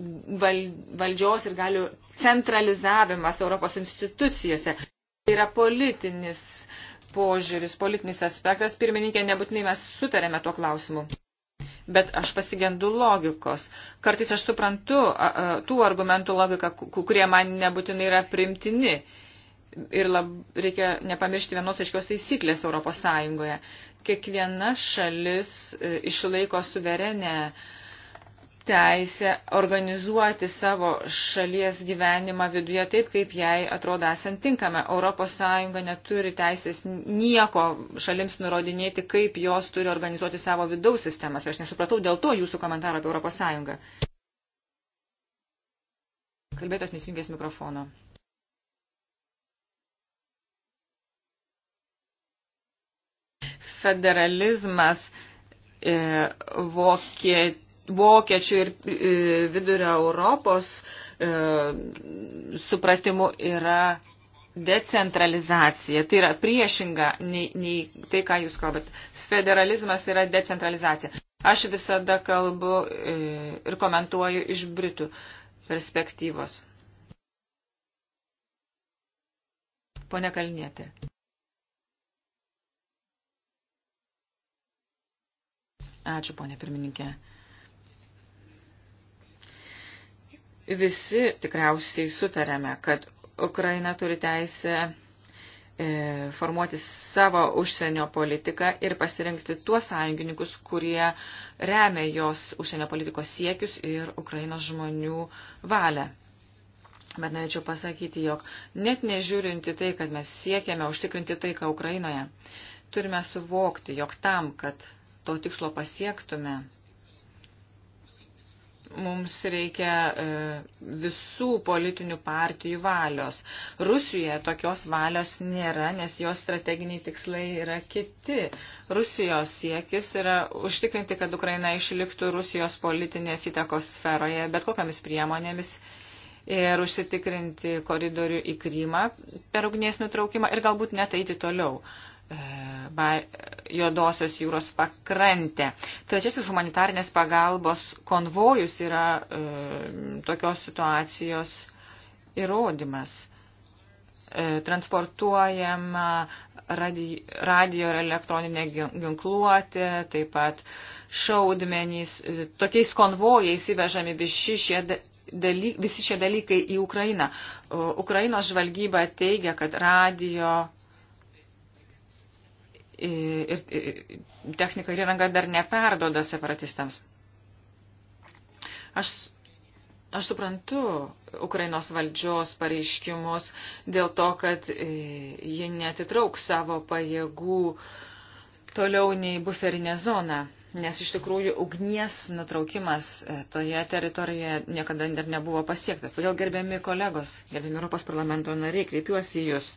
valdžios ir galių centralizavimas Europos institucijose. Tai yra politinis požiūris, politinis aspektas. Pirmininkė, nebūtinai mes sutarėme tuo klausimu bet aš pasigendu logikos. Kartais aš suprantu a, a, tų argumentų logiką, kurie man nebūtinai yra primtini. Ir lab, reikia nepamiršti vienos aiškios taisyklės Europos Sąjungoje. Kiekviena šalis e, išlaiko suverenę uh, teisę organizuoti savo šalies gyvenimą viduje taip, kaip jai atrodo esant tinkama. ES neturi teisės nieko šalims nurodinėti, kaip jos turi organizuoti savo vidaus sistemas. Aš nesupratau dėl to jūsų komentaro apie ES. Kalbėtos nesijungės mikrofono. Federalizmas e, Vokietijos vokiečių ir e, vidurio Europos e, supratimu yra decentralizacija. Tai yra priešinga nei, nei tai, ką jūs kalbate. Federalizmas yra decentralizacija. Aš visada kalbu e, ir komentuoju iš Britų perspektyvos. Pone Kalnietė. Ačiū, ponė pirmininkė. Visi tikriausiai sutarėme, kad Ukraina turi teisę e, formuoti savo užsienio politiką ir pasirinkti tuos sąjungininkus, kurie remia jos užsienio politikos siekius ir Ukrainos žmonių valią. Bet norėčiau pasakyti, jog net nežiūrinti tai, kad mes siekiame užtikrinti taiką Ukrainoje, turime suvokti, jog tam, kad to tikslo pasiektume, mums reikia e, visų politinių partijų valios. Rusijoje tokios valios nėra, nes jos strateginiai tikslai yra kiti. Rusijos siekis yra užtikrinti, kad Ukraina išliktų Rusijos politinės įtakos sferoje, bet kokiamis priemonėmis. Ir užsitikrinti koridorių į Krymą per ugnies nutraukimą ir galbūt net eiti toliau. Uh, E, juodosios jūros pakrantę. Trečiasis humanitarinės pagalbos konvojus yra e, tokios situacijos įrodymas. E, transportuojama radi, radio ir elektroninė ginkluotė, taip pat šaudmenys, e, tokiais konvojais įvežami visi šie dalykai, visi šie dalykai į Ukrainą. Ukrainos žvalgyba teigia, kad radio ir technika ir įranga dar neperdoda separatistams. Aš, aš suprantu Ukrainos valdžios pareiškimus dėl to, kad ji netitrauks savo pajėgų toliau nei buferinė zona, nes iš tikrųjų ugnies nutraukimas e, toje teritorijoje niekada dar nebuvo pasiektas. Todėl gerbiami kolegos, gerbiami Europos parlamento nariai, kreipiuosi į jūs.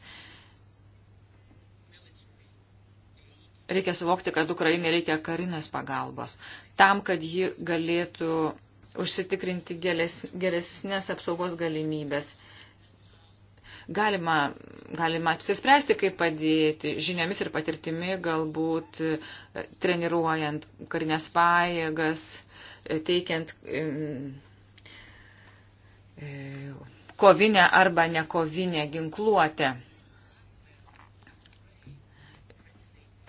reikia suvokti, kad Ukrainai reikia karinės pagalbos, tam, kad ji galėtų užsitikrinti geres, geresnės apsaugos galimybės. Galima, galima apsispręsti, kaip padėti žiniomis ir patirtimi, galbūt e, treniruojant karinės pajėgas, e, teikiant e, kovinę arba nekovinę ginkluotę.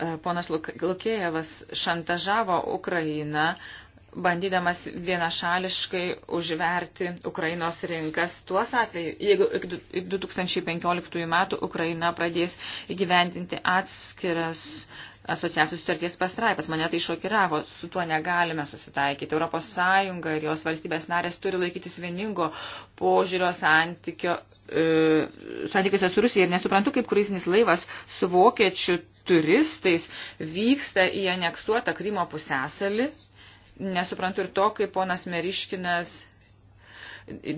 E, ponas Lukėjevas šantažavo Ukrainą, bandydamas vienašališkai užverti Ukrainos rinkas tuos atveju, jeigu iki 2015 metų Ukraina pradės įgyvendinti atskiras asociacijos sutarties pastraipas. Mane tai šokiravo, su tuo negalime susitaikyti. Europos Sąjunga ir jos valstybės narės turi laikytis vieningo požiūrio santykio, e, santykiuose su Rusija ir nesuprantu, kaip kruizinis laivas su vokiečių turistais vyksta į aneksuotą Krymo pusęsalį. Nesuprantu ir to, kaip ponas Meriškinas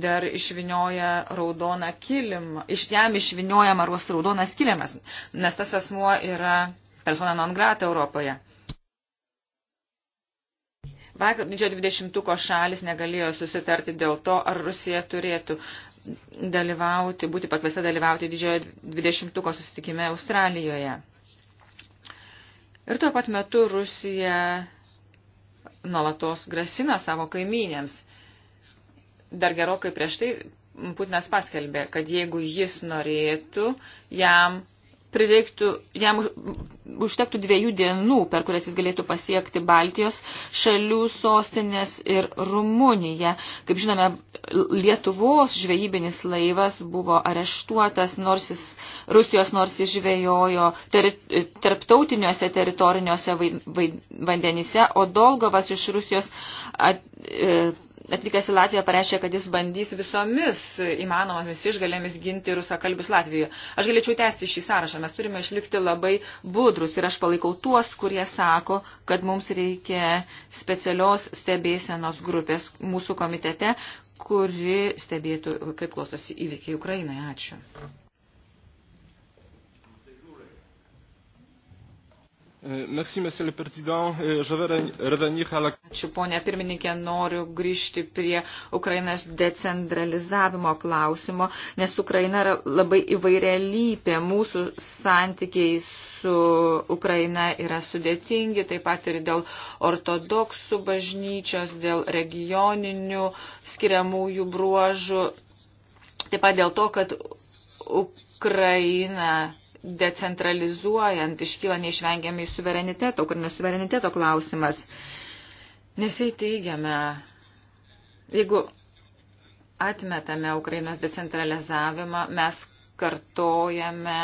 dar išvinioja raudoną kilimą, iš jam išviniojamas raudonas kilimas, nes tas asmuo yra persona non grata Europoje. Vakar didžiojo dvidešimtuko šalis negalėjo susitarti dėl to, ar Rusija turėtų dalyvauti, būti pakviesta dalyvauti didžiojo dvidešimtuko susitikime Australijoje. Ir tuo pat metu Rusija nuolatos grasina savo kaimynėms. Dar gerokai prieš tai Putinas paskelbė, kad jeigu jis norėtų, jam prireiktų, jam užtektų dviejų dienų, per kurias jis galėtų pasiekti Baltijos šalių sostinės ir Rumuniją. Kaip žinome, Lietuvos žvejybinis laivas buvo areštuotas, nors jis Rusijos, nors jis žvejojo ter, tarptautiniuose teritoriniuose vai, vai, vandenyse, o Dolgovas iš Rusijos at, e, atvykęs į Latviją pareiškė, kad jis bandys visomis įmanomomis išgalėmis ginti rusakalbius Latvijoje. Aš galėčiau tęsti šį sąrašą, mes turime išlikti labai budrus ir aš palaikau tuos, kurie sako, kad mums reikia specialios stebėsenos grupės mūsų komitete, kuri stebėtų, kaip klostosi įvykiai Ukrainoje. Ačiū. E, merci, monsieur le président. E, je vais revenir à la... Ačiū, ponė pirmininkė, noriu grįžti prie Ukrainos decentralizavimo klausimo, nes Ukraina yra labai įvairialypė. Mūsų santykiai su Ukraina yra sudėtingi, taip pat ir dėl ortodoksų bažnyčios, dėl regioninių skiriamųjų bruožų, taip pat dėl to, kad Ukraina decentralizuojant iškyla neišvengiamai suvereniteto, kur nesuvereniteto klausimas. Nes jei teigiame, jeigu atmetame Ukrainos decentralizavimą, mes kartojame,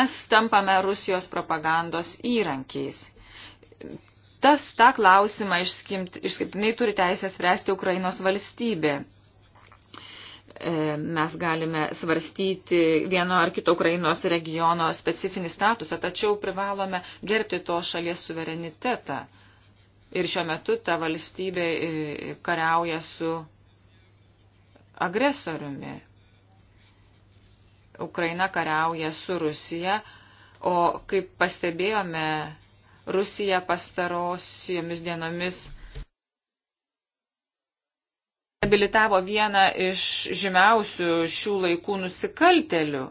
mes tampame Rusijos propagandos įrankiais. Tas tą klausimą išskirtinai turi teisę spręsti Ukrainos valstybė. E, mes galime svarstyti vieno ar kito Ukrainos regiono specifinį statusą, tačiau privalome gerbti to šalies suverenitetą. Ir šiuo metu ta valstybė e, kariauja su agresoriumi. Ukraina kariauja su Rusija, o kaip pastebėjome, Rusija pastarosiomis dienomis habilitavo vieną iš žymiausių šių laikų nusikaltelių.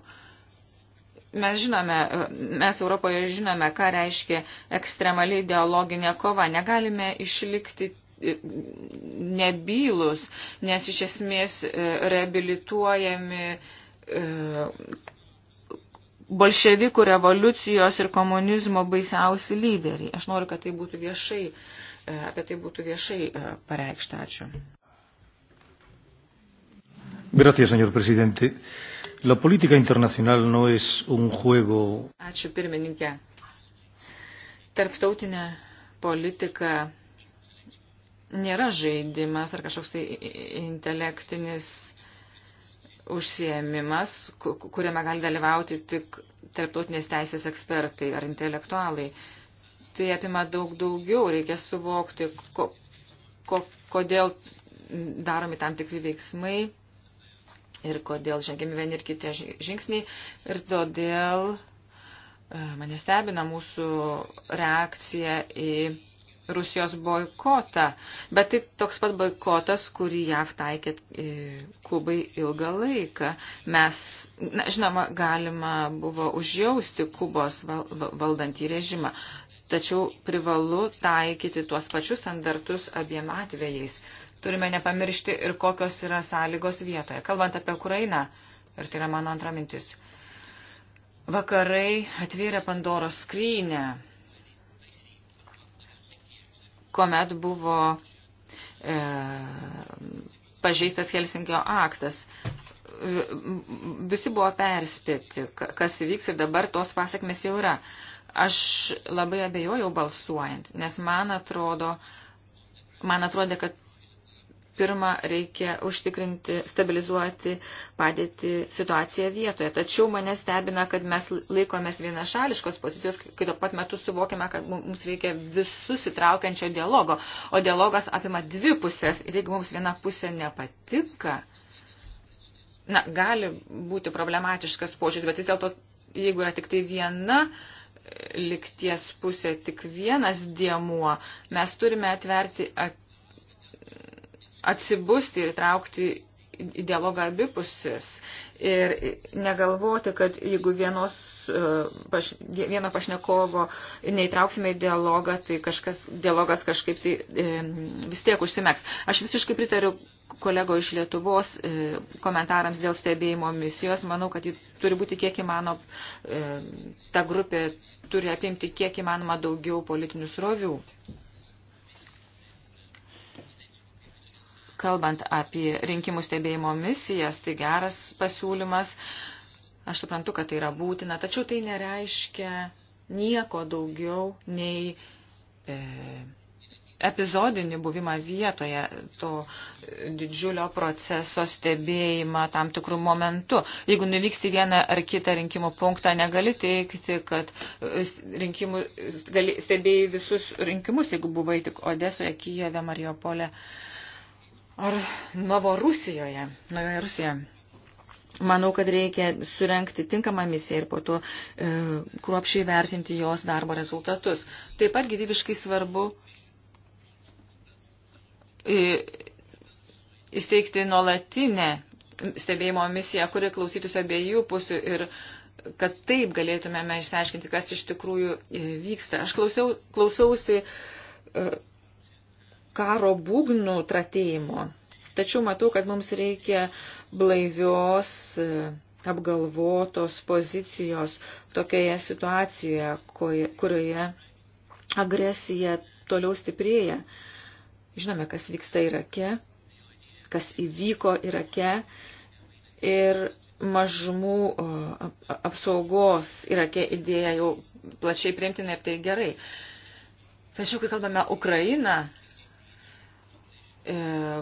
Mes žinome, mes Europoje žinome, ką reiškia ekstremaliai ideologinė kova. Negalime išlikti nebylus, nes iš esmės e, reabilituojami e, bolševikų revoliucijos ir komunizmo baisiausi lyderiai. Aš noriu, kad tai būtų viešai, e, apie tai būtų viešai pareikšta. Ačiū. Gracias, señor presidente. La política internacional no es un juego. Ačiū pirmininkė. Tarptautinė politika nėra žaidimas ar kažkoks tai intelektinis užsiemimas, kuriame gali dalyvauti tik tarptautinės teisės ekspertai ar intelektualai. Tai apima daug daugiau, reikia suvokti, ko, ko, kodėl daromi tam tikri veiksmai, ir kodėl žengiami vieni ir kiti žingsniai. Ir todėl e, mane stebina mūsų reakcija į Rusijos boikotą. Bet tai toks pat boikotas, kurį JAV taikė e, Kubai ilgą laiką. Mes, na, žinoma, galima buvo užjausti Kubos val, valdantį režimą. Tačiau privalu taikyti tuos pačius standartus abiem atvejais turime nepamiršti ir kokios yra sąlygos vietoje. Kalbant apie Ukrainą, ir tai yra mano antra mintis, vakarai atvėrė Pandoros skrynę, kuomet buvo e, pažeistas Helsinkio aktas. Visi buvo perspėti, kas įvyks ir dabar tos pasiekmes jau yra. Aš labai abejojau balsuojant, nes man atrodo, man atrodė, kad pirma, reikia užtikrinti, stabilizuoti padėti situaciją vietoje. Tačiau mane stebina, kad mes laikomės vienašališkos pozicijos, kai tuo pat metu suvokiame, kad mums reikia visus įtraukiančio dialogo. O dialogas apima dvi pusės ir jeigu mums viena pusė nepatinka, na, gali būti problematiškas požiūris, bet vis dėlto, jeigu yra tik tai viena, e, likties pusė tik vienas diemuo, mes turime atverti akis atsibusti ir traukti į dialogą abipusis ir negalvoti, kad jeigu vienos, e, paš, vieno pašnekovo neįtrauksime į dialogą, tai kažkas, dialogas kažkaip tai, e, vis tiek užsimeks. Aš visiškai pritariu kolego iš Lietuvos e, komentarams dėl stebėjimo misijos. Manau, kad ji turi būti kiek įmano, e, ta grupė turi apimti kiek įmanoma daugiau politinių srovių. Kalbant apie rinkimų stebėjimo misijas, tai geras pasiūlymas. Aš suprantu, kad tai yra būtina, tačiau tai nereiškia nieko daugiau nei e, epizodinį buvimą vietoje, to didžiulio proceso stebėjimą tam tikrų momentų. Jeigu nuvyksti vieną ar kitą rinkimų punktą, negali teikti, kad e, rinkimų, gali, stebėjai visus rinkimus, jeigu buvai tik Odesoje, Kijeve, Marijopolė. E, ar Novorusijoje, Naujoje Rusijoje. Manau, kad reikia surenkti tinkamą misiją ir po to e, kruopšiai vertinti jos darbo rezultatus. Taip pat gyvybiškai svarbu e, įsteigti nuolatinę stebėjimo misiją, kuri klausytųsi abiejų pusių ir kad taip galėtumėme išsiaiškinti, kas iš tikrųjų e, vyksta. Aš klausiau, klausiausi e, karo būgnų tratėjimo. Tačiau matau, kad mums reikia blaivios, e, apgalvotos pozicijos tokioje situacijoje, kurioje agresija toliau stiprėja. Žinome, kas vyksta Irake, kas įvyko Irake ir mažumų apsaugos Irake idėja jau plačiai priimtina ir tai gerai. Tačiau, kai kalbame Ukrainą, E,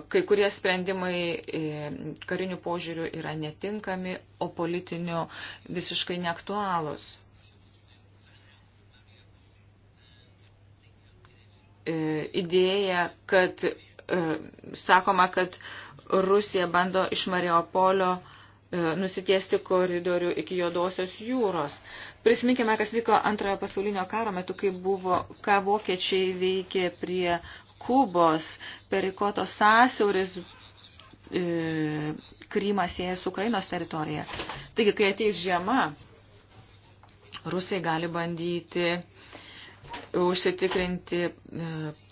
kai kurie sprendimai e, karinių požiūrių yra netinkami, o politinių visiškai neaktualūs. E, idėja, kad sakoma, kad Rusija bando iš Mariupolio nusitiesti koridorių iki Jodosios jūros. Prisiminkime, kas vyko antrojo pasaulinio karo metu, kai buvo, ką vokiečiai veikė prie Kubos, Perikoto sąsiauris e, Krymas sieja su Ukrainos teritorija. Taigi, kai ateis žiema, Rusai gali bandyti užsitikrinti e,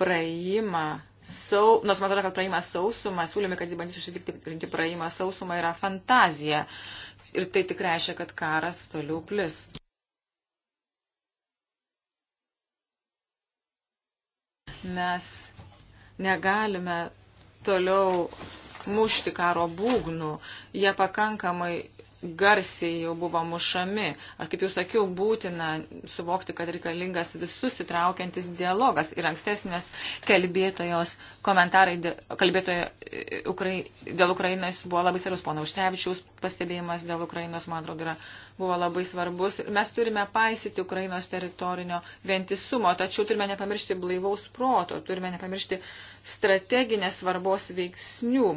praėjimą. Sau, nors man atrodo, kad praėjimas sausumą, siūlymi, kad jis bandys užsitikrinti praėjimą sausumą, yra fantazija. Ir tai tik reiškia, kad karas toliau plis. Mes Negalime toliau mušti karo būgnų. Jie pakankamai garsiai jau buvo mušami. Ar kaip jau sakiau, būtina suvokti, kad reikalingas visus įtraukiantis dialogas ir ankstesnės kalbėtojos komentarai kalbėtojo e, ukrai, dėl Ukrainos buvo labai svarbus. Pono Užtevičiaus pastebėjimas dėl Ukrainos, man atrodo, yra, buvo labai svarbus. Mes turime paisyti Ukrainos teritorinio vientisumo, tačiau turime nepamiršti blaivaus proto, turime nepamiršti strateginės svarbos veiksnių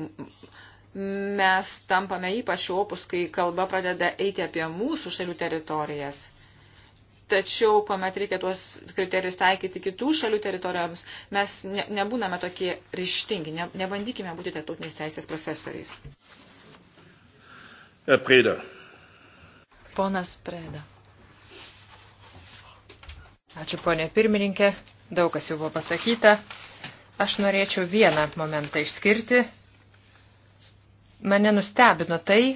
mes tampame ypač opus, kai kalba pradeda eiti apie mūsų šalių teritorijas. Tačiau, kuomet reikia tuos kriterijus taikyti kitų šalių teritorijoms, mes ne, nebūname tokie ryštingi, ne, nebandykime būti tarptautinės teisės profesoriais. Preda. Ponas Preda. Ačiū, ponė pirmininkė. Daug kas jau buvo pasakyta. Aš norėčiau vieną momentą išskirti Mane nustebino tai,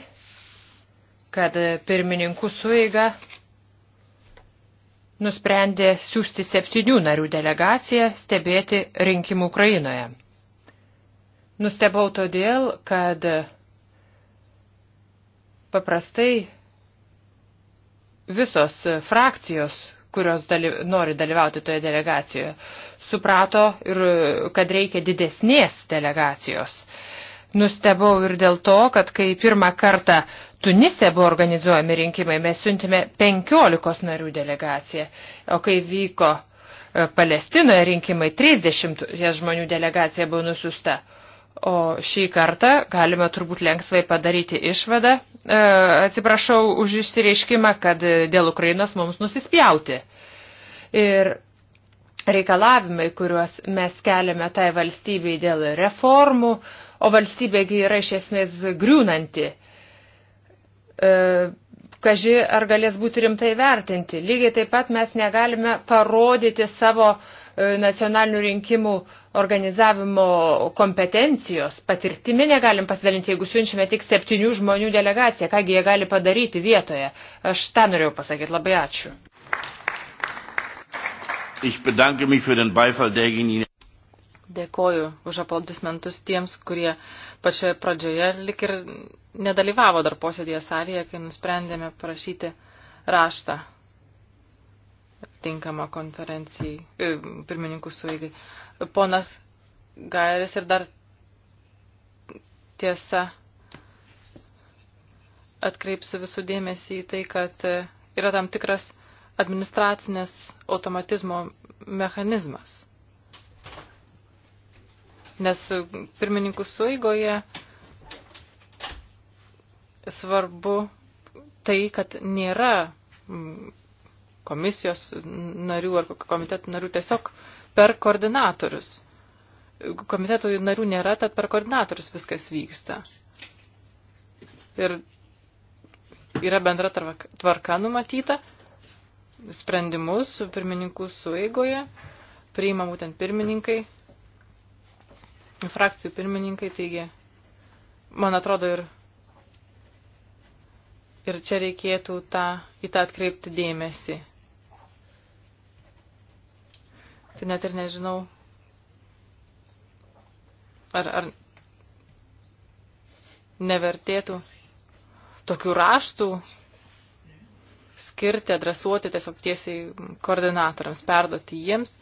kad pirmininkų suiga nusprendė siūsti septynių narių delegaciją stebėti rinkimų Ukrainoje. Nustebau todėl, kad paprastai visos frakcijos, kurios daly, nori dalyvauti toje delegacijoje, suprato ir kad reikia didesnės delegacijos. Uh, Nustebau ir dėl to, kad kai pirmą kartą Tunise buvo organizuojami rinkimai, mes siuntime 15 narių delegaciją, o kai vyko e, Palestinoje rinkimai, 30 žmonių delegacija buvo nusiusta. O šį kartą galima turbūt lengvai padaryti išvadą, e, atsiprašau už išsireiškimą, kad dėl Ukrainos mums nusispjauti. Ir reikalavimai, kuriuos mes keliame tai valstybei dėl reformų, e, o valstybėgi yra iš esmės griūnanti. E, kaži, ar galės būti rimtai vertinti. Lygiai taip pat mes negalime parodyti savo e, nacionalinių rinkimų organizavimo kompetencijos, patirtimi negalim pasidalinti, jeigu siunčiame tik septynių žmonių delegaciją, kągi jie gali padaryti vietoje. Aš tą norėjau pasakyti, labai ačiū. Ich bedanke mich für den Beifall derjenigen, Dėkoju už aplaudismentus tiems, kurie pačioje pradžioje lik ir nedalyvavo dar posėdėje salėje, kai nusprendėme parašyti raštą tinkamą konferencijai, e, pirmininkų suigai. Ponas Gairis ir dar tiesa atkreipsiu visų dėmesį į tai, kad e, yra tam tikras administracinės automatizmo mechanizmas nes pirmininkų suigoje svarbu tai, kad nėra mm, komisijos narių ar komitetų narių tiesiog per koordinatorius. Komitetų narių nėra, tad per koordinatorius viskas vyksta. Ir yra bendra tvarka numatyta, sprendimus pirmininkų sueigoje, priima būtent pirmininkai frakcijų pirmininkai, taigi, man atrodo, ir, ir čia reikėtų tą, į tą atkreipti dėmesį. Tai net ir nežinau, ar, ar nevertėtų tokių raštų skirti, adresuoti tiesiog tiesiai koordinatoriams, perduoti jiems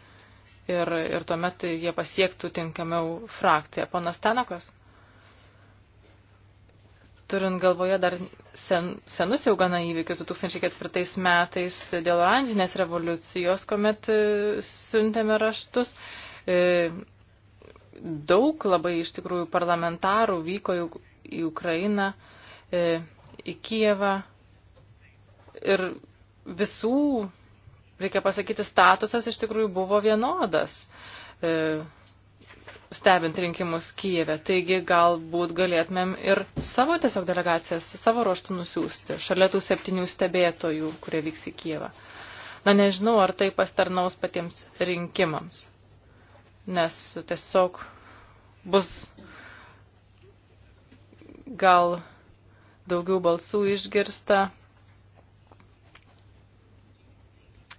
ir, ir tuomet jie pasiektų tinkamiau frakciją. Ponas Tanakas, turint galvoje dar sen, senus jau gana įvykius 2004 metais dėl oranžinės revoliucijos, kuomet e, siuntėme raštus, e, daug labai iš tikrųjų parlamentarų vyko į Ukrainą, e, į Kievą ir visų reikia pasakyti, statusas iš tikrųjų buvo vienodas e, stebint rinkimus Kijeve. Taigi galbūt galėtumėm ir savo tiesiog delegacijas savo ruoštų nusiųsti, šalia tų septynių stebėtojų, kurie vyks į Kijevą. Na nežinau, ar tai pastarnaus patiems rinkimams, nes tiesiog bus gal daugiau balsų išgirsta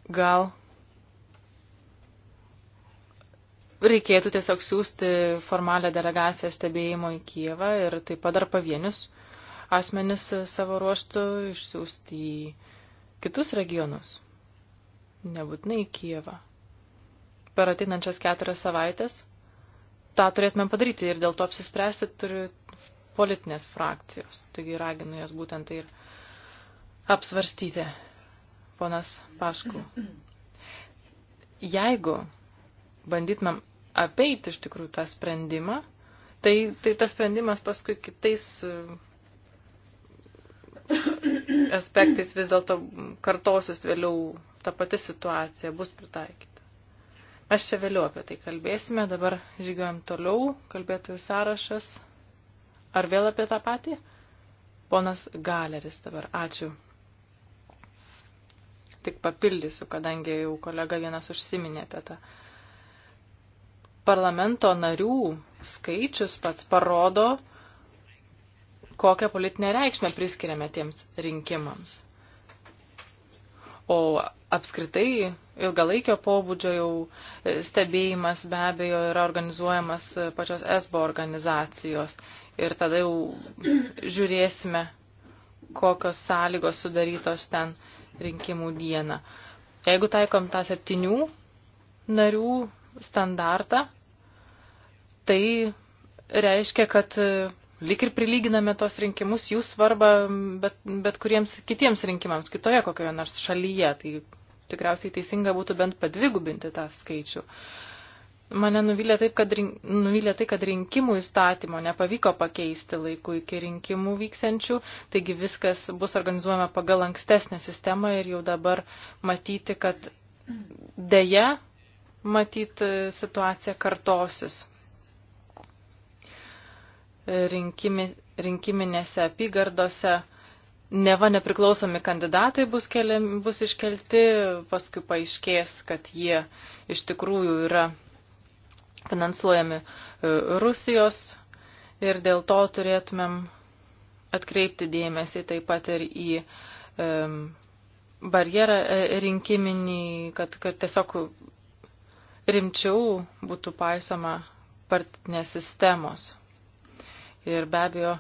gal reikėtų tiesiog siūsti formalią delegaciją stebėjimo į Kievą ir taip pat dar pavienius asmenis savo ruoštų išsiųsti į kitus regionus. Nebūtinai į Kievą. Per ateinančias keturias savaitės tą turėtume padaryti ir dėl to apsispręsti turi politinės frakcijos. Taigi raginu jas būtent tai ir apsvarstyti ponas Paškų. Jeigu bandytumėm apeiti iš tikrųjų tą sprendimą, tai, tai tas sprendimas paskui kitais uh, aspektais vis dėlto kartosis vėliau ta pati situacija bus pritaikyta. Mes čia vėliau apie tai kalbėsime, dabar žygiuojam toliau, kalbėtojų sąrašas. Ar vėl apie tą patį? Ponas Galeris dabar, ačiū tik papildysiu, kadangi jau kolega vienas užsiminė apie tą. Parlamento narių skaičius pats parodo, kokią politinę reikšmę priskiriame tiems rinkimams. O apskritai ilgalaikio pobūdžio jau stebėjimas be abejo yra organizuojamas pačios ESBO organizacijos. Ir tada jau žiūrėsime, kokios sąlygos sudarytos ten rinkimų dieną. Jeigu taikom tą septynių narių standartą, tai reiškia, kad e, lik ir prilyginame tos rinkimus jų svarbą bet, bet kuriems kitiems rinkimams kitoje kokioje nors šalyje. Tai tikriausiai teisinga būtų bent padvigubinti tą skaičių. Uh, Mane nuvylė, taip, kad, nuvylė tai, kad rinkimų įstatymo nepavyko pakeisti laiku iki rinkimų vyksiančių, taigi viskas bus organizuojama pagal ankstesnę sistemą ir jau dabar matyti, kad dėja, matyti situacija kartosis. Rinkimi, rinkiminėse apygardose neva nepriklausomi kandidatai bus, keliam, bus iškelti, paskui paaiškės, kad jie iš tikrųjų yra finansuojami e, Rusijos ir dėl to turėtumėm atkreipti dėmesį taip pat ir į barjerą e, rinkiminį, kad, kad tiesiog rimčiau būtų paisoma partinės sistemos. Ir be abejo,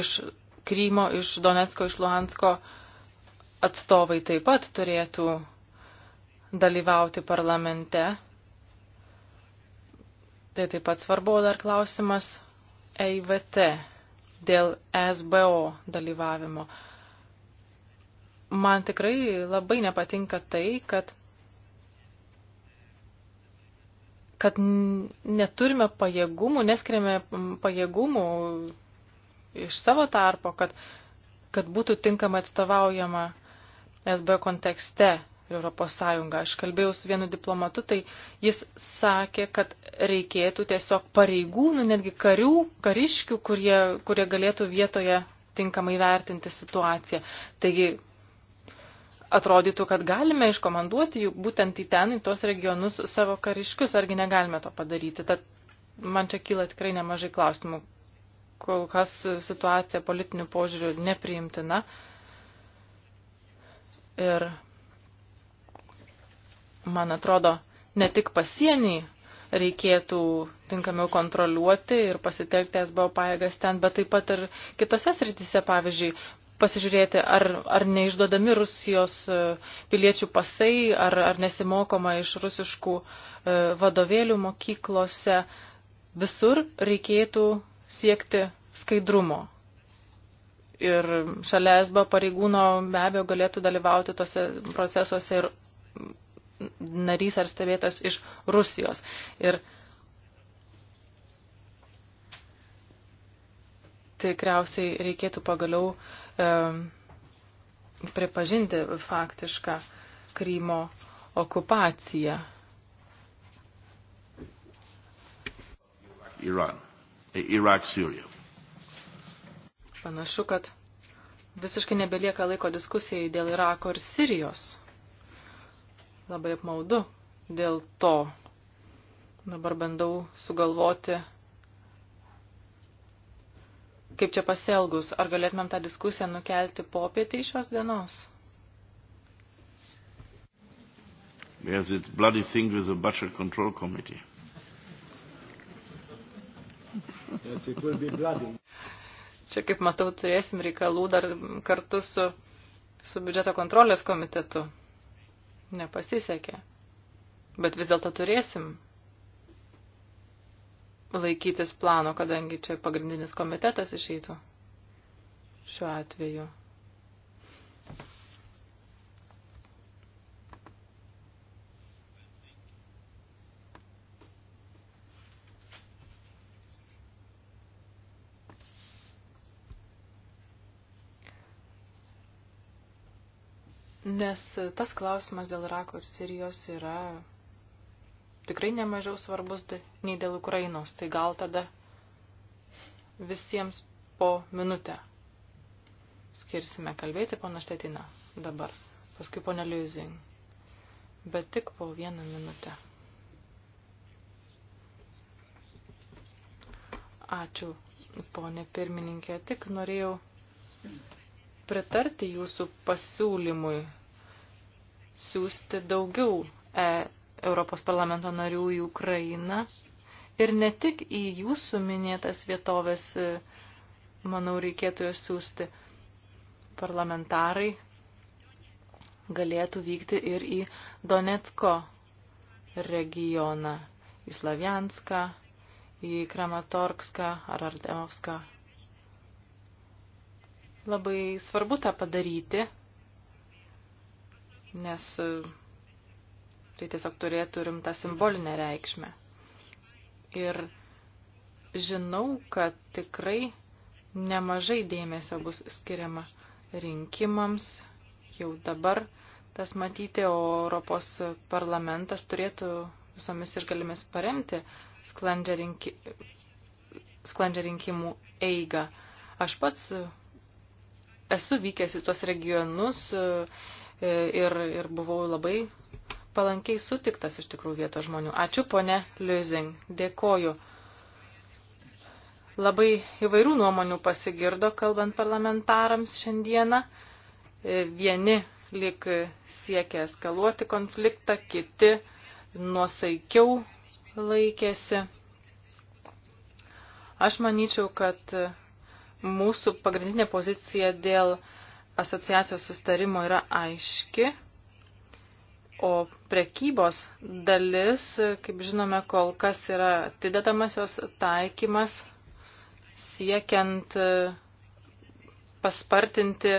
iš Krymo, iš Donetsko, iš Luhansko atstovai taip pat turėtų dalyvauti parlamente Tai taip pat svarbu dar klausimas EIVT dėl SBO dalyvavimo. Man tikrai labai nepatinka tai, kad, kad neturime pajėgumų, neskiriame pajėgumų iš savo tarpo, kad, kad būtų tinkamai atstovaujama SB kontekste Europos Sąjungą. Aš kalbėjau su vienu diplomatu, tai jis sakė, kad reikėtų tiesiog pareigūnų, netgi karių, kariškių, kurie, kurie galėtų vietoje tinkamai vertinti situaciją. Taigi atrodytų, kad galime iškomanduoti jų būtent į ten, į tos regionus savo kariškius, argi negalime to padaryti. Tad man čia kyla tikrai nemažai klausimų. Kol kas situacija politinių požiūrių nepriimtina. Ir man atrodo, ne tik pasienį reikėtų tinkamiau kontroliuoti ir pasitelkti SBO pajėgas ten, bet taip pat ir kitose srityse, pavyzdžiui, pasižiūrėti, ar, ar neišduodami Rusijos e, piliečių pasai, ar, ar nesimokoma iš rusiškų e, vadovėlių mokyklose. Visur reikėtų siekti skaidrumo. Ir šalia SBO pareigūno be abejo galėtų dalyvauti tose procesuose ir narys ar stebėtas iš Rusijos. Ir tikriausiai reikėtų pagaliau e, pripažinti faktišką Krymo okupaciją. Iran, Irak, Sirija. Panašu, kad visiškai nebelieka laiko diskusijai dėl Irako ir Sirijos. Labai apmaudu dėl to. Dabar bandau sugalvoti, kaip čia pasielgus. Ar galėtumėm tą diskusiją nukelti popietį iš šios dienos? There's this bloody thing with the budget control committee. Yes, it will be bloody. Čia, kaip matau, turėsim reikalų dar kartu su, su biudžeto kontrolės komitetu nepasisekė. Bet vis dėlto turėsim laikytis plano, kadangi čia pagrindinis komitetas išeitų šiuo atveju. Nes tas klausimas dėl Irako ir Sirijos yra tikrai nemažiau svarbus nei dėl Ukrainos. Tai gal tada visiems po minutę skirsime kalbėti, pana Štetina, dabar, paskui pana Liuzing, bet tik po vieną minutę. Ačiū, ponė pirmininkė, tik norėjau pritarti jūsų pasiūlymui siūsti daugiau e, Europos parlamento narių į Ukrainą ir ne tik į jūsų minėtas vietovės, e, manau, reikėtų jos siūsti. Parlamentarai galėtų vykti ir į Donetsko regioną, į Slavianską, į Kramatorską ar Ardemovską. Labai svarbu tą padaryti nes e, tai tiesiog turėtų rimtą simbolinę reikšmę. Ir žinau, kad tikrai nemažai dėmesio bus skiriama rinkimams jau dabar tas matyti, o Europos parlamentas turėtų visomis išgalimis paremti sklandžią, rinki, sklandžią rinkimų eigą. Aš pats esu vykęs į tuos regionus, E, ir, ir buvau labai palankiai sutiktas iš tikrųjų vietos žmonių. Ačiū, ponė Liuzing, dėkoju. Labai įvairių nuomonių pasigirdo, kalbant parlamentarams šiandieną. E, vieni lik siekia eskaluoti konfliktą, kiti nuosaikiau laikėsi. Aš manyčiau, kad mūsų pagrindinė pozicija dėl uh, asociacijos sustarimo yra aiški, o prekybos dalis, kaip žinome, kol kas yra atidedamas jos taikymas siekiant e, paspartinti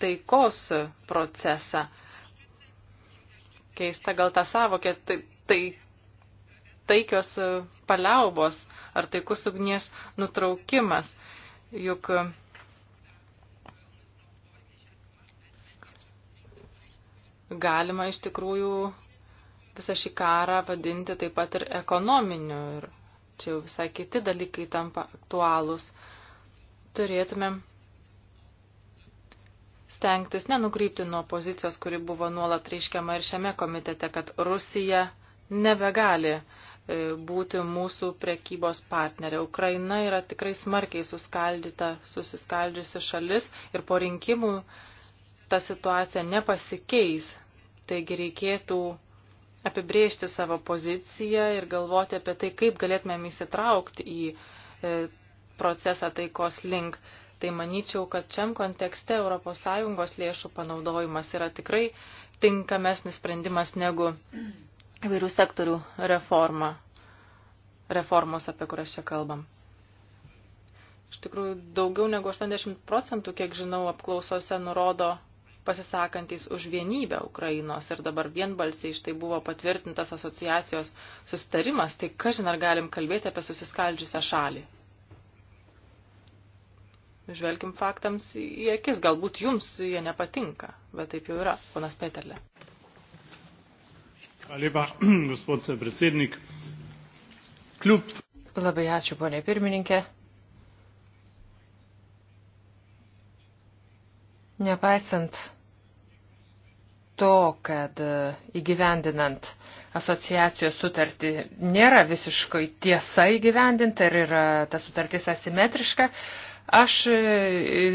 taikos procesą. Keista gal tą savokę, tai, tai taikios e, paliaubos ar taikus ugnies nutraukimas. Juk galima iš tikrųjų visą šį karą vadinti taip pat ir ekonominiu. Ir čia jau visai kiti dalykai tampa aktualūs. Turėtumėm stengtis nenukrypti nuo pozicijos, kuri buvo nuolat reiškiama ir šiame komitete, kad Rusija nebegali e, būti mūsų prekybos partnerė. Ukraina yra tikrai smarkiai suskaldyta, susiskaldžiusi šalis ir po rinkimų ta situacija nepasikeis. Taigi reikėtų apibriežti savo poziciją ir galvoti apie tai, kaip galėtumėm įsitraukti į e, procesą taikos link. Tai manyčiau, kad šiam kontekste ES lėšų panaudojimas yra tikrai tinkamesnis sprendimas negu įvairių sektorių reforma, reformos, apie kurias čia kalbam. Iš tikrųjų, daugiau negu 80 procentų, kiek žinau, apklausose nurodo pasisakantys už vienybę Ukrainos ir dabar vienbalsiai iš tai buvo patvirtintas asociacijos sustarimas, tai kažin ar galim kalbėti apie susiskaldžiusią šalį. Žvelkim faktams į akis, galbūt jums jie nepatinka, bet taip jau yra, ponas Peterle. Labai ačiū, ponė pirmininkė. Nepaisant to, kad e, įgyvendinant asociacijos sutartį nėra visiškai tiesa įgyvendinta ir yra ta sutartis asimetriška, aš e,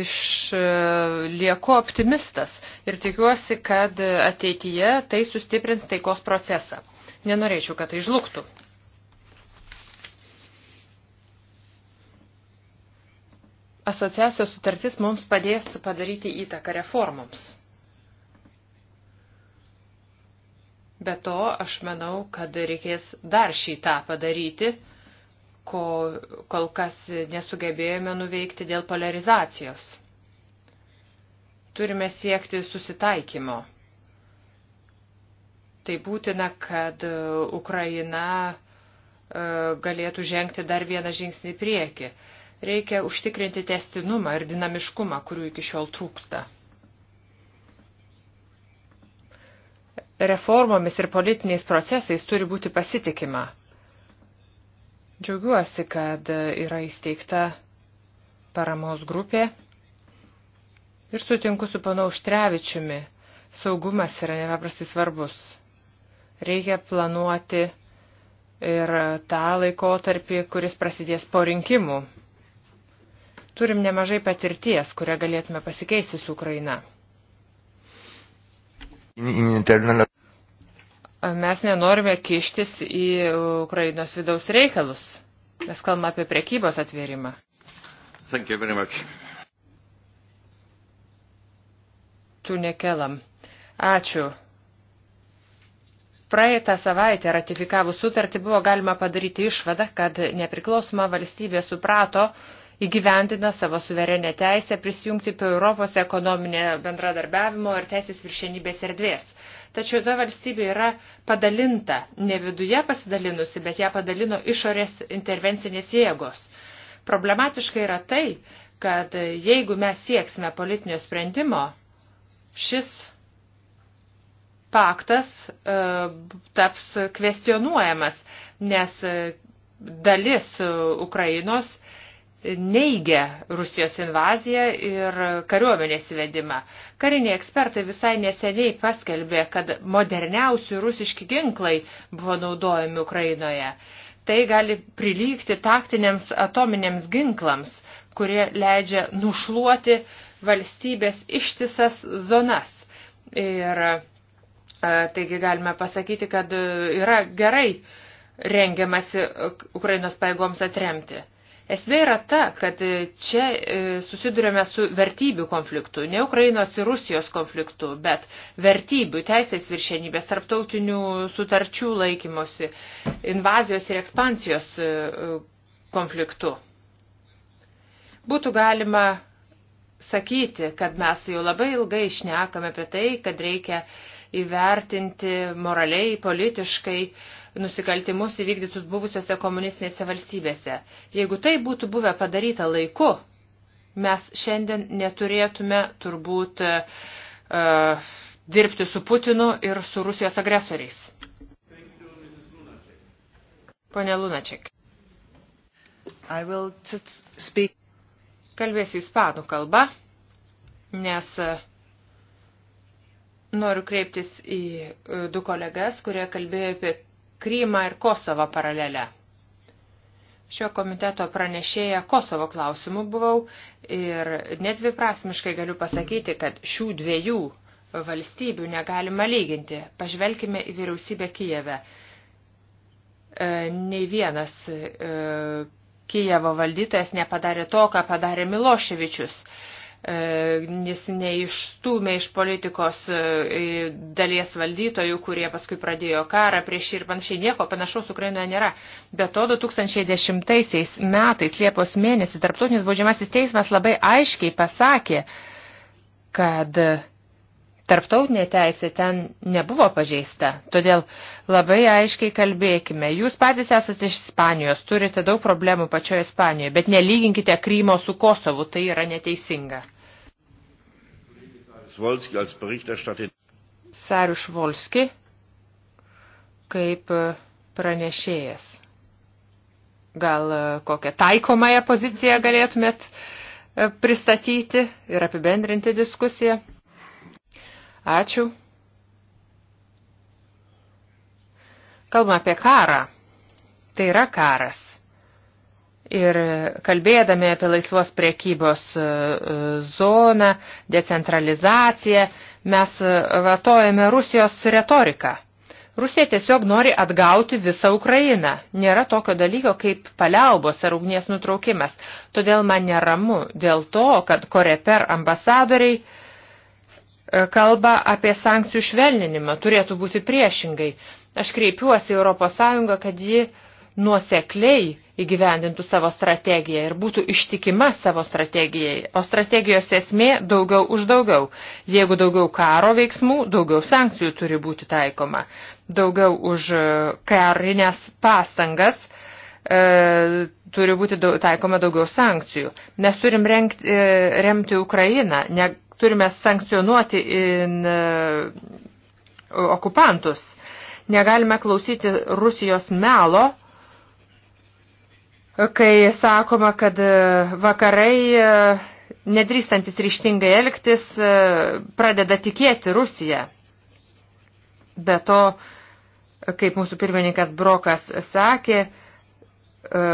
išlieku optimistas ir tikiuosi, kad ateityje tai sustiprins taikos procesą. Nenorėčiau, kad tai žlugtų. asociacijos sutartis mums padės padaryti įtaką reformoms. Be to, aš manau, kad reikės dar šitą padaryti, ko kol kas nesugebėjome nuveikti dėl polarizacijos. Turime siekti susitaikymo. Tai būtina, kad Ukraina e, galėtų žengti dar vieną žingsnį priekį. Reikia užtikrinti testinumą ir dinamiškumą, kurių iki šiol trūksta. Reformomis ir politiniais procesais turi būti pasitikima. Džiaugiuosi, kad yra įsteigta paramos grupė ir sutinku su pana Užtrevičiumi. Saugumas yra nepaprastai svarbus. Reikia planuoti ir tą laikotarpį, kuris prasidės po rinkimų. Turim nemažai patirties, kurią galėtume pasikeisti su Ukraina. Mes nenorime kištis į Ukrainos vidaus reikalus. Mes kalbame apie prekybos atvėrimą. Thank you very much. Tu nekelam. Ačiū. Praeitą savaitę ratifikavus sutartį buvo galima padaryti išvadą, kad nepriklausoma valstybė suprato, įgyvendina savo suverenę teisę prisijungti prie Europos ekonominė bendradarbiavimo ir teisės viršenybės erdvės. Tačiau ta valstybė yra padalinta, ne viduje pasidalinusi, bet ją padalino išorės intervencinės jėgos. Problematiška yra tai, kad jeigu mes sieksime politinio sprendimo, šis paktas e, taps kvestionuojamas, nes e, dalis e, Ukrainos e, neigia Rusijos invaziją ir kariuomenės vedimą. Kariniai ekspertai visai neseniai paskelbė, kad moderniausi rusiški ginklai buvo naudojami Ukrainoje. Tai gali prilygti taktiniams atominiams ginklams, kurie leidžia nušluoti valstybės ištisas zonas. Ir e, taigi galime pasakyti, kad e, yra gerai rengiamasi Ukrainos paėgoms atremti. Esmė yra ta, kad čia e, susidurėme su vertybių konfliktu, ne Ukrainos ir Rusijos konfliktu, bet vertybių, teisės viršenybės, tarptautinių sutarčių laikymosi, invazijos ir ekspansijos e, konfliktu. Būtų galima sakyti, kad mes jau labai ilgai išnekame apie tai, kad reikia įvertinti moraliai, politiškai uh, nusikaltimus įvykdytus buvusiose komunistinėse valstybėse. Jeigu tai būtų buvę padaryta laiku, mes šiandien neturėtume turbūt uh, dirbti su Putinu ir su Rusijos agresoriais. Pone Lunaček. Kalbėsiu ispanų kalbą, nes e, noriu kreiptis į du kolegas, kurie kalbėjo apie Krymą ir Kosovo paralelę. Šio komiteto pranešėja Kosovo klausimų buvau ir nedviprasmiškai galiu pasakyti, kad šių dviejų valstybių negalima lyginti. Pažvelkime į vyriausybę Kijeve. E, nei vienas e, Kijevo valdytojas nepadarė to, ką padarė Miloševičius. E, E, jis neišstūmė iš politikos e, dalies valdytojų, kurie paskui pradėjo karą prieš ir panašiai nieko panašaus Ukrainoje nėra. Be to 2010 metais, Liepos mėnesį, Tarptautinis baudžiamasis teismas labai aiškiai pasakė, kad tarptautinė teisė ten nebuvo pažeista. Todėl labai aiškiai kalbėkime. Jūs patys esate iš Ispanijos, turite daug problemų pačioje Ispanijoje, bet nelyginkite Krymo su Kosovu, tai yra neteisinga. Sarius Volski kaip pranešėjas. Gal e, kokią taikomąją poziciją galėtumėt e, pristatyti ir apibendrinti diskusiją? Ačiū. Kalbame apie karą. Tai yra karas. Ir kalbėdami apie laisvos priekybos e, e, zoną, decentralizaciją, mes e, vartojame Rusijos retoriką. Rusija tiesiog nori atgauti visą Ukrainą. Nėra tokio dalyko kaip paliaubos ar ugnies nutraukimas. Todėl man neramu dėl to, kad Koreper ambasadoriai uh, E, kalba apie sankcijų švelninimą, turėtų būti priešingai. Aš kreipiuosi Europos Sąjungą, kad ji nuosekliai įgyvendintų savo strategiją ir būtų ištikima savo strategijai. O strategijos esmė daugiau už daugiau. Jeigu daugiau karo veiksmų, daugiau sankcijų turi būti taikoma. Daugiau už e, karinės pastangas e, turi būti daug, taikoma daugiau sankcijų. Mes turim renkt, e, remti Ukrainą. Ne, turime sankcionuoti in, okupantus. Negalime klausyti Rusijos melo, kai sakoma, kad vakarai, nedrįstantis ryštingai elgtis, pradeda tikėti Rusiją. Be to, kaip mūsų pirmininkas Brokas sakė, e,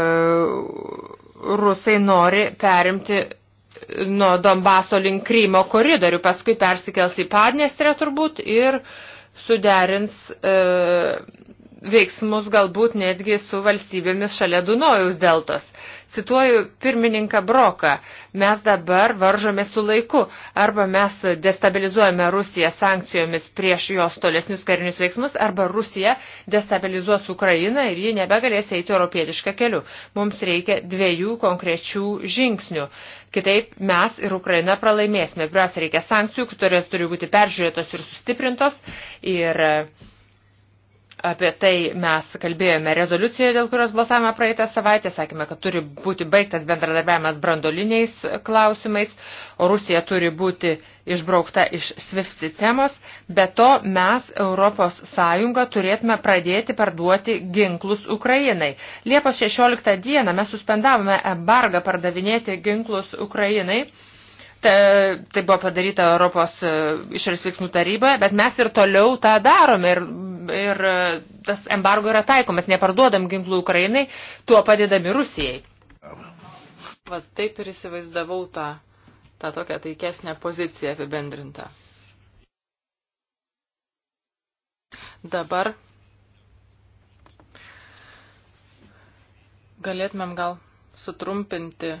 rusai nori perimti nuo Donbaso link Krymo koridorių, paskui persikels į Padnestrę turbūt ir suderins e, veiksmus galbūt netgi su valstybėmis šalia Dunojaus deltos. Cituoju pirmininką Broką, mes dabar varžome su laiku, arba mes destabilizuojame Rusiją sankcijomis prieš jos tolesnius karinius veiksmus, arba Rusija destabilizuos Ukrainą ir ji nebegalės eiti europietišką keliu. Mums reikia dviejų konkrečių žingsnių. Kitaip mes ir Ukraina pralaimėsime. Pirmiausia, reikia sankcijų, kurios turi būti peržiūrėtos ir sustiprintos. Ir, uh, Apie tai mes kalbėjome rezoliucijoje, dėl kurios balsavome praeitą savaitę. Sakėme, kad turi būti baigtas bendradarbiavimas brandoliniais klausimais, o Rusija turi būti išbraukta iš SWIFT sistemos. Be to mes Europos Sąjungą turėtume pradėti parduoti ginklus Ukrainai. Liepos 16 dieną mes suspendavome embargą pardavinėti ginklus Ukrainai tai buvo padaryta Europos e, išorės veiksmų taryboje, bet mes ir toliau tą darome ir, ir e, tas embargo yra taikomas, neparduodam ginklų Ukrainai, tuo padedami Rusijai. Va taip ir įsivaizdavau tą, tą tokią taikesnę poziciją apibendrintą. Dabar galėtumėm gal sutrumpinti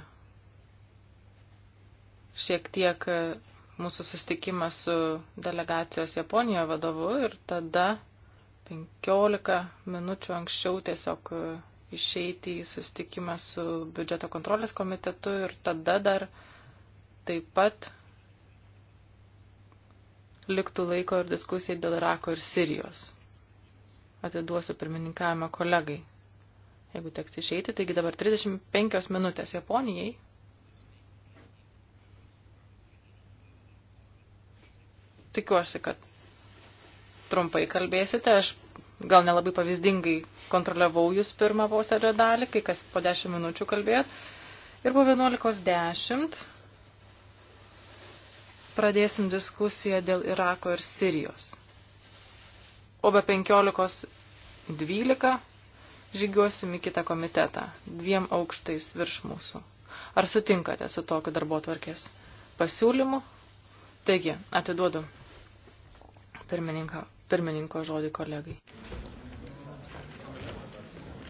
šiek tiek e, mūsų susitikimą su delegacijos Japonijoje vadovu ir tada 15 minučių anksčiau tiesiog e, išeiti į susitikimą su biudžeto kontrolės komitetu ir tada dar taip pat liktų laiko ir diskusijai dėl Irako ir Sirijos. Atiduosiu pirmininkavimą kolegai, jeigu teks išeiti. Taigi dabar 35 minutės Japonijai tikiuosi, kad trumpai kalbėsite. Aš gal nelabai pavyzdingai kontroliavau jūs pirmą posėdžio dalį, kai kas po 10 minučių kalbėjot. Ir po 11.10 pradėsim diskusiją dėl Irako ir Sirijos. O be 15.12 žygiuosim į kitą komitetą, dviem aukštais virš mūsų. Ar sutinkate su tokiu darbo tvarkės pasiūlymu? Taigi, atiduodu pirmininko žodį kolegai.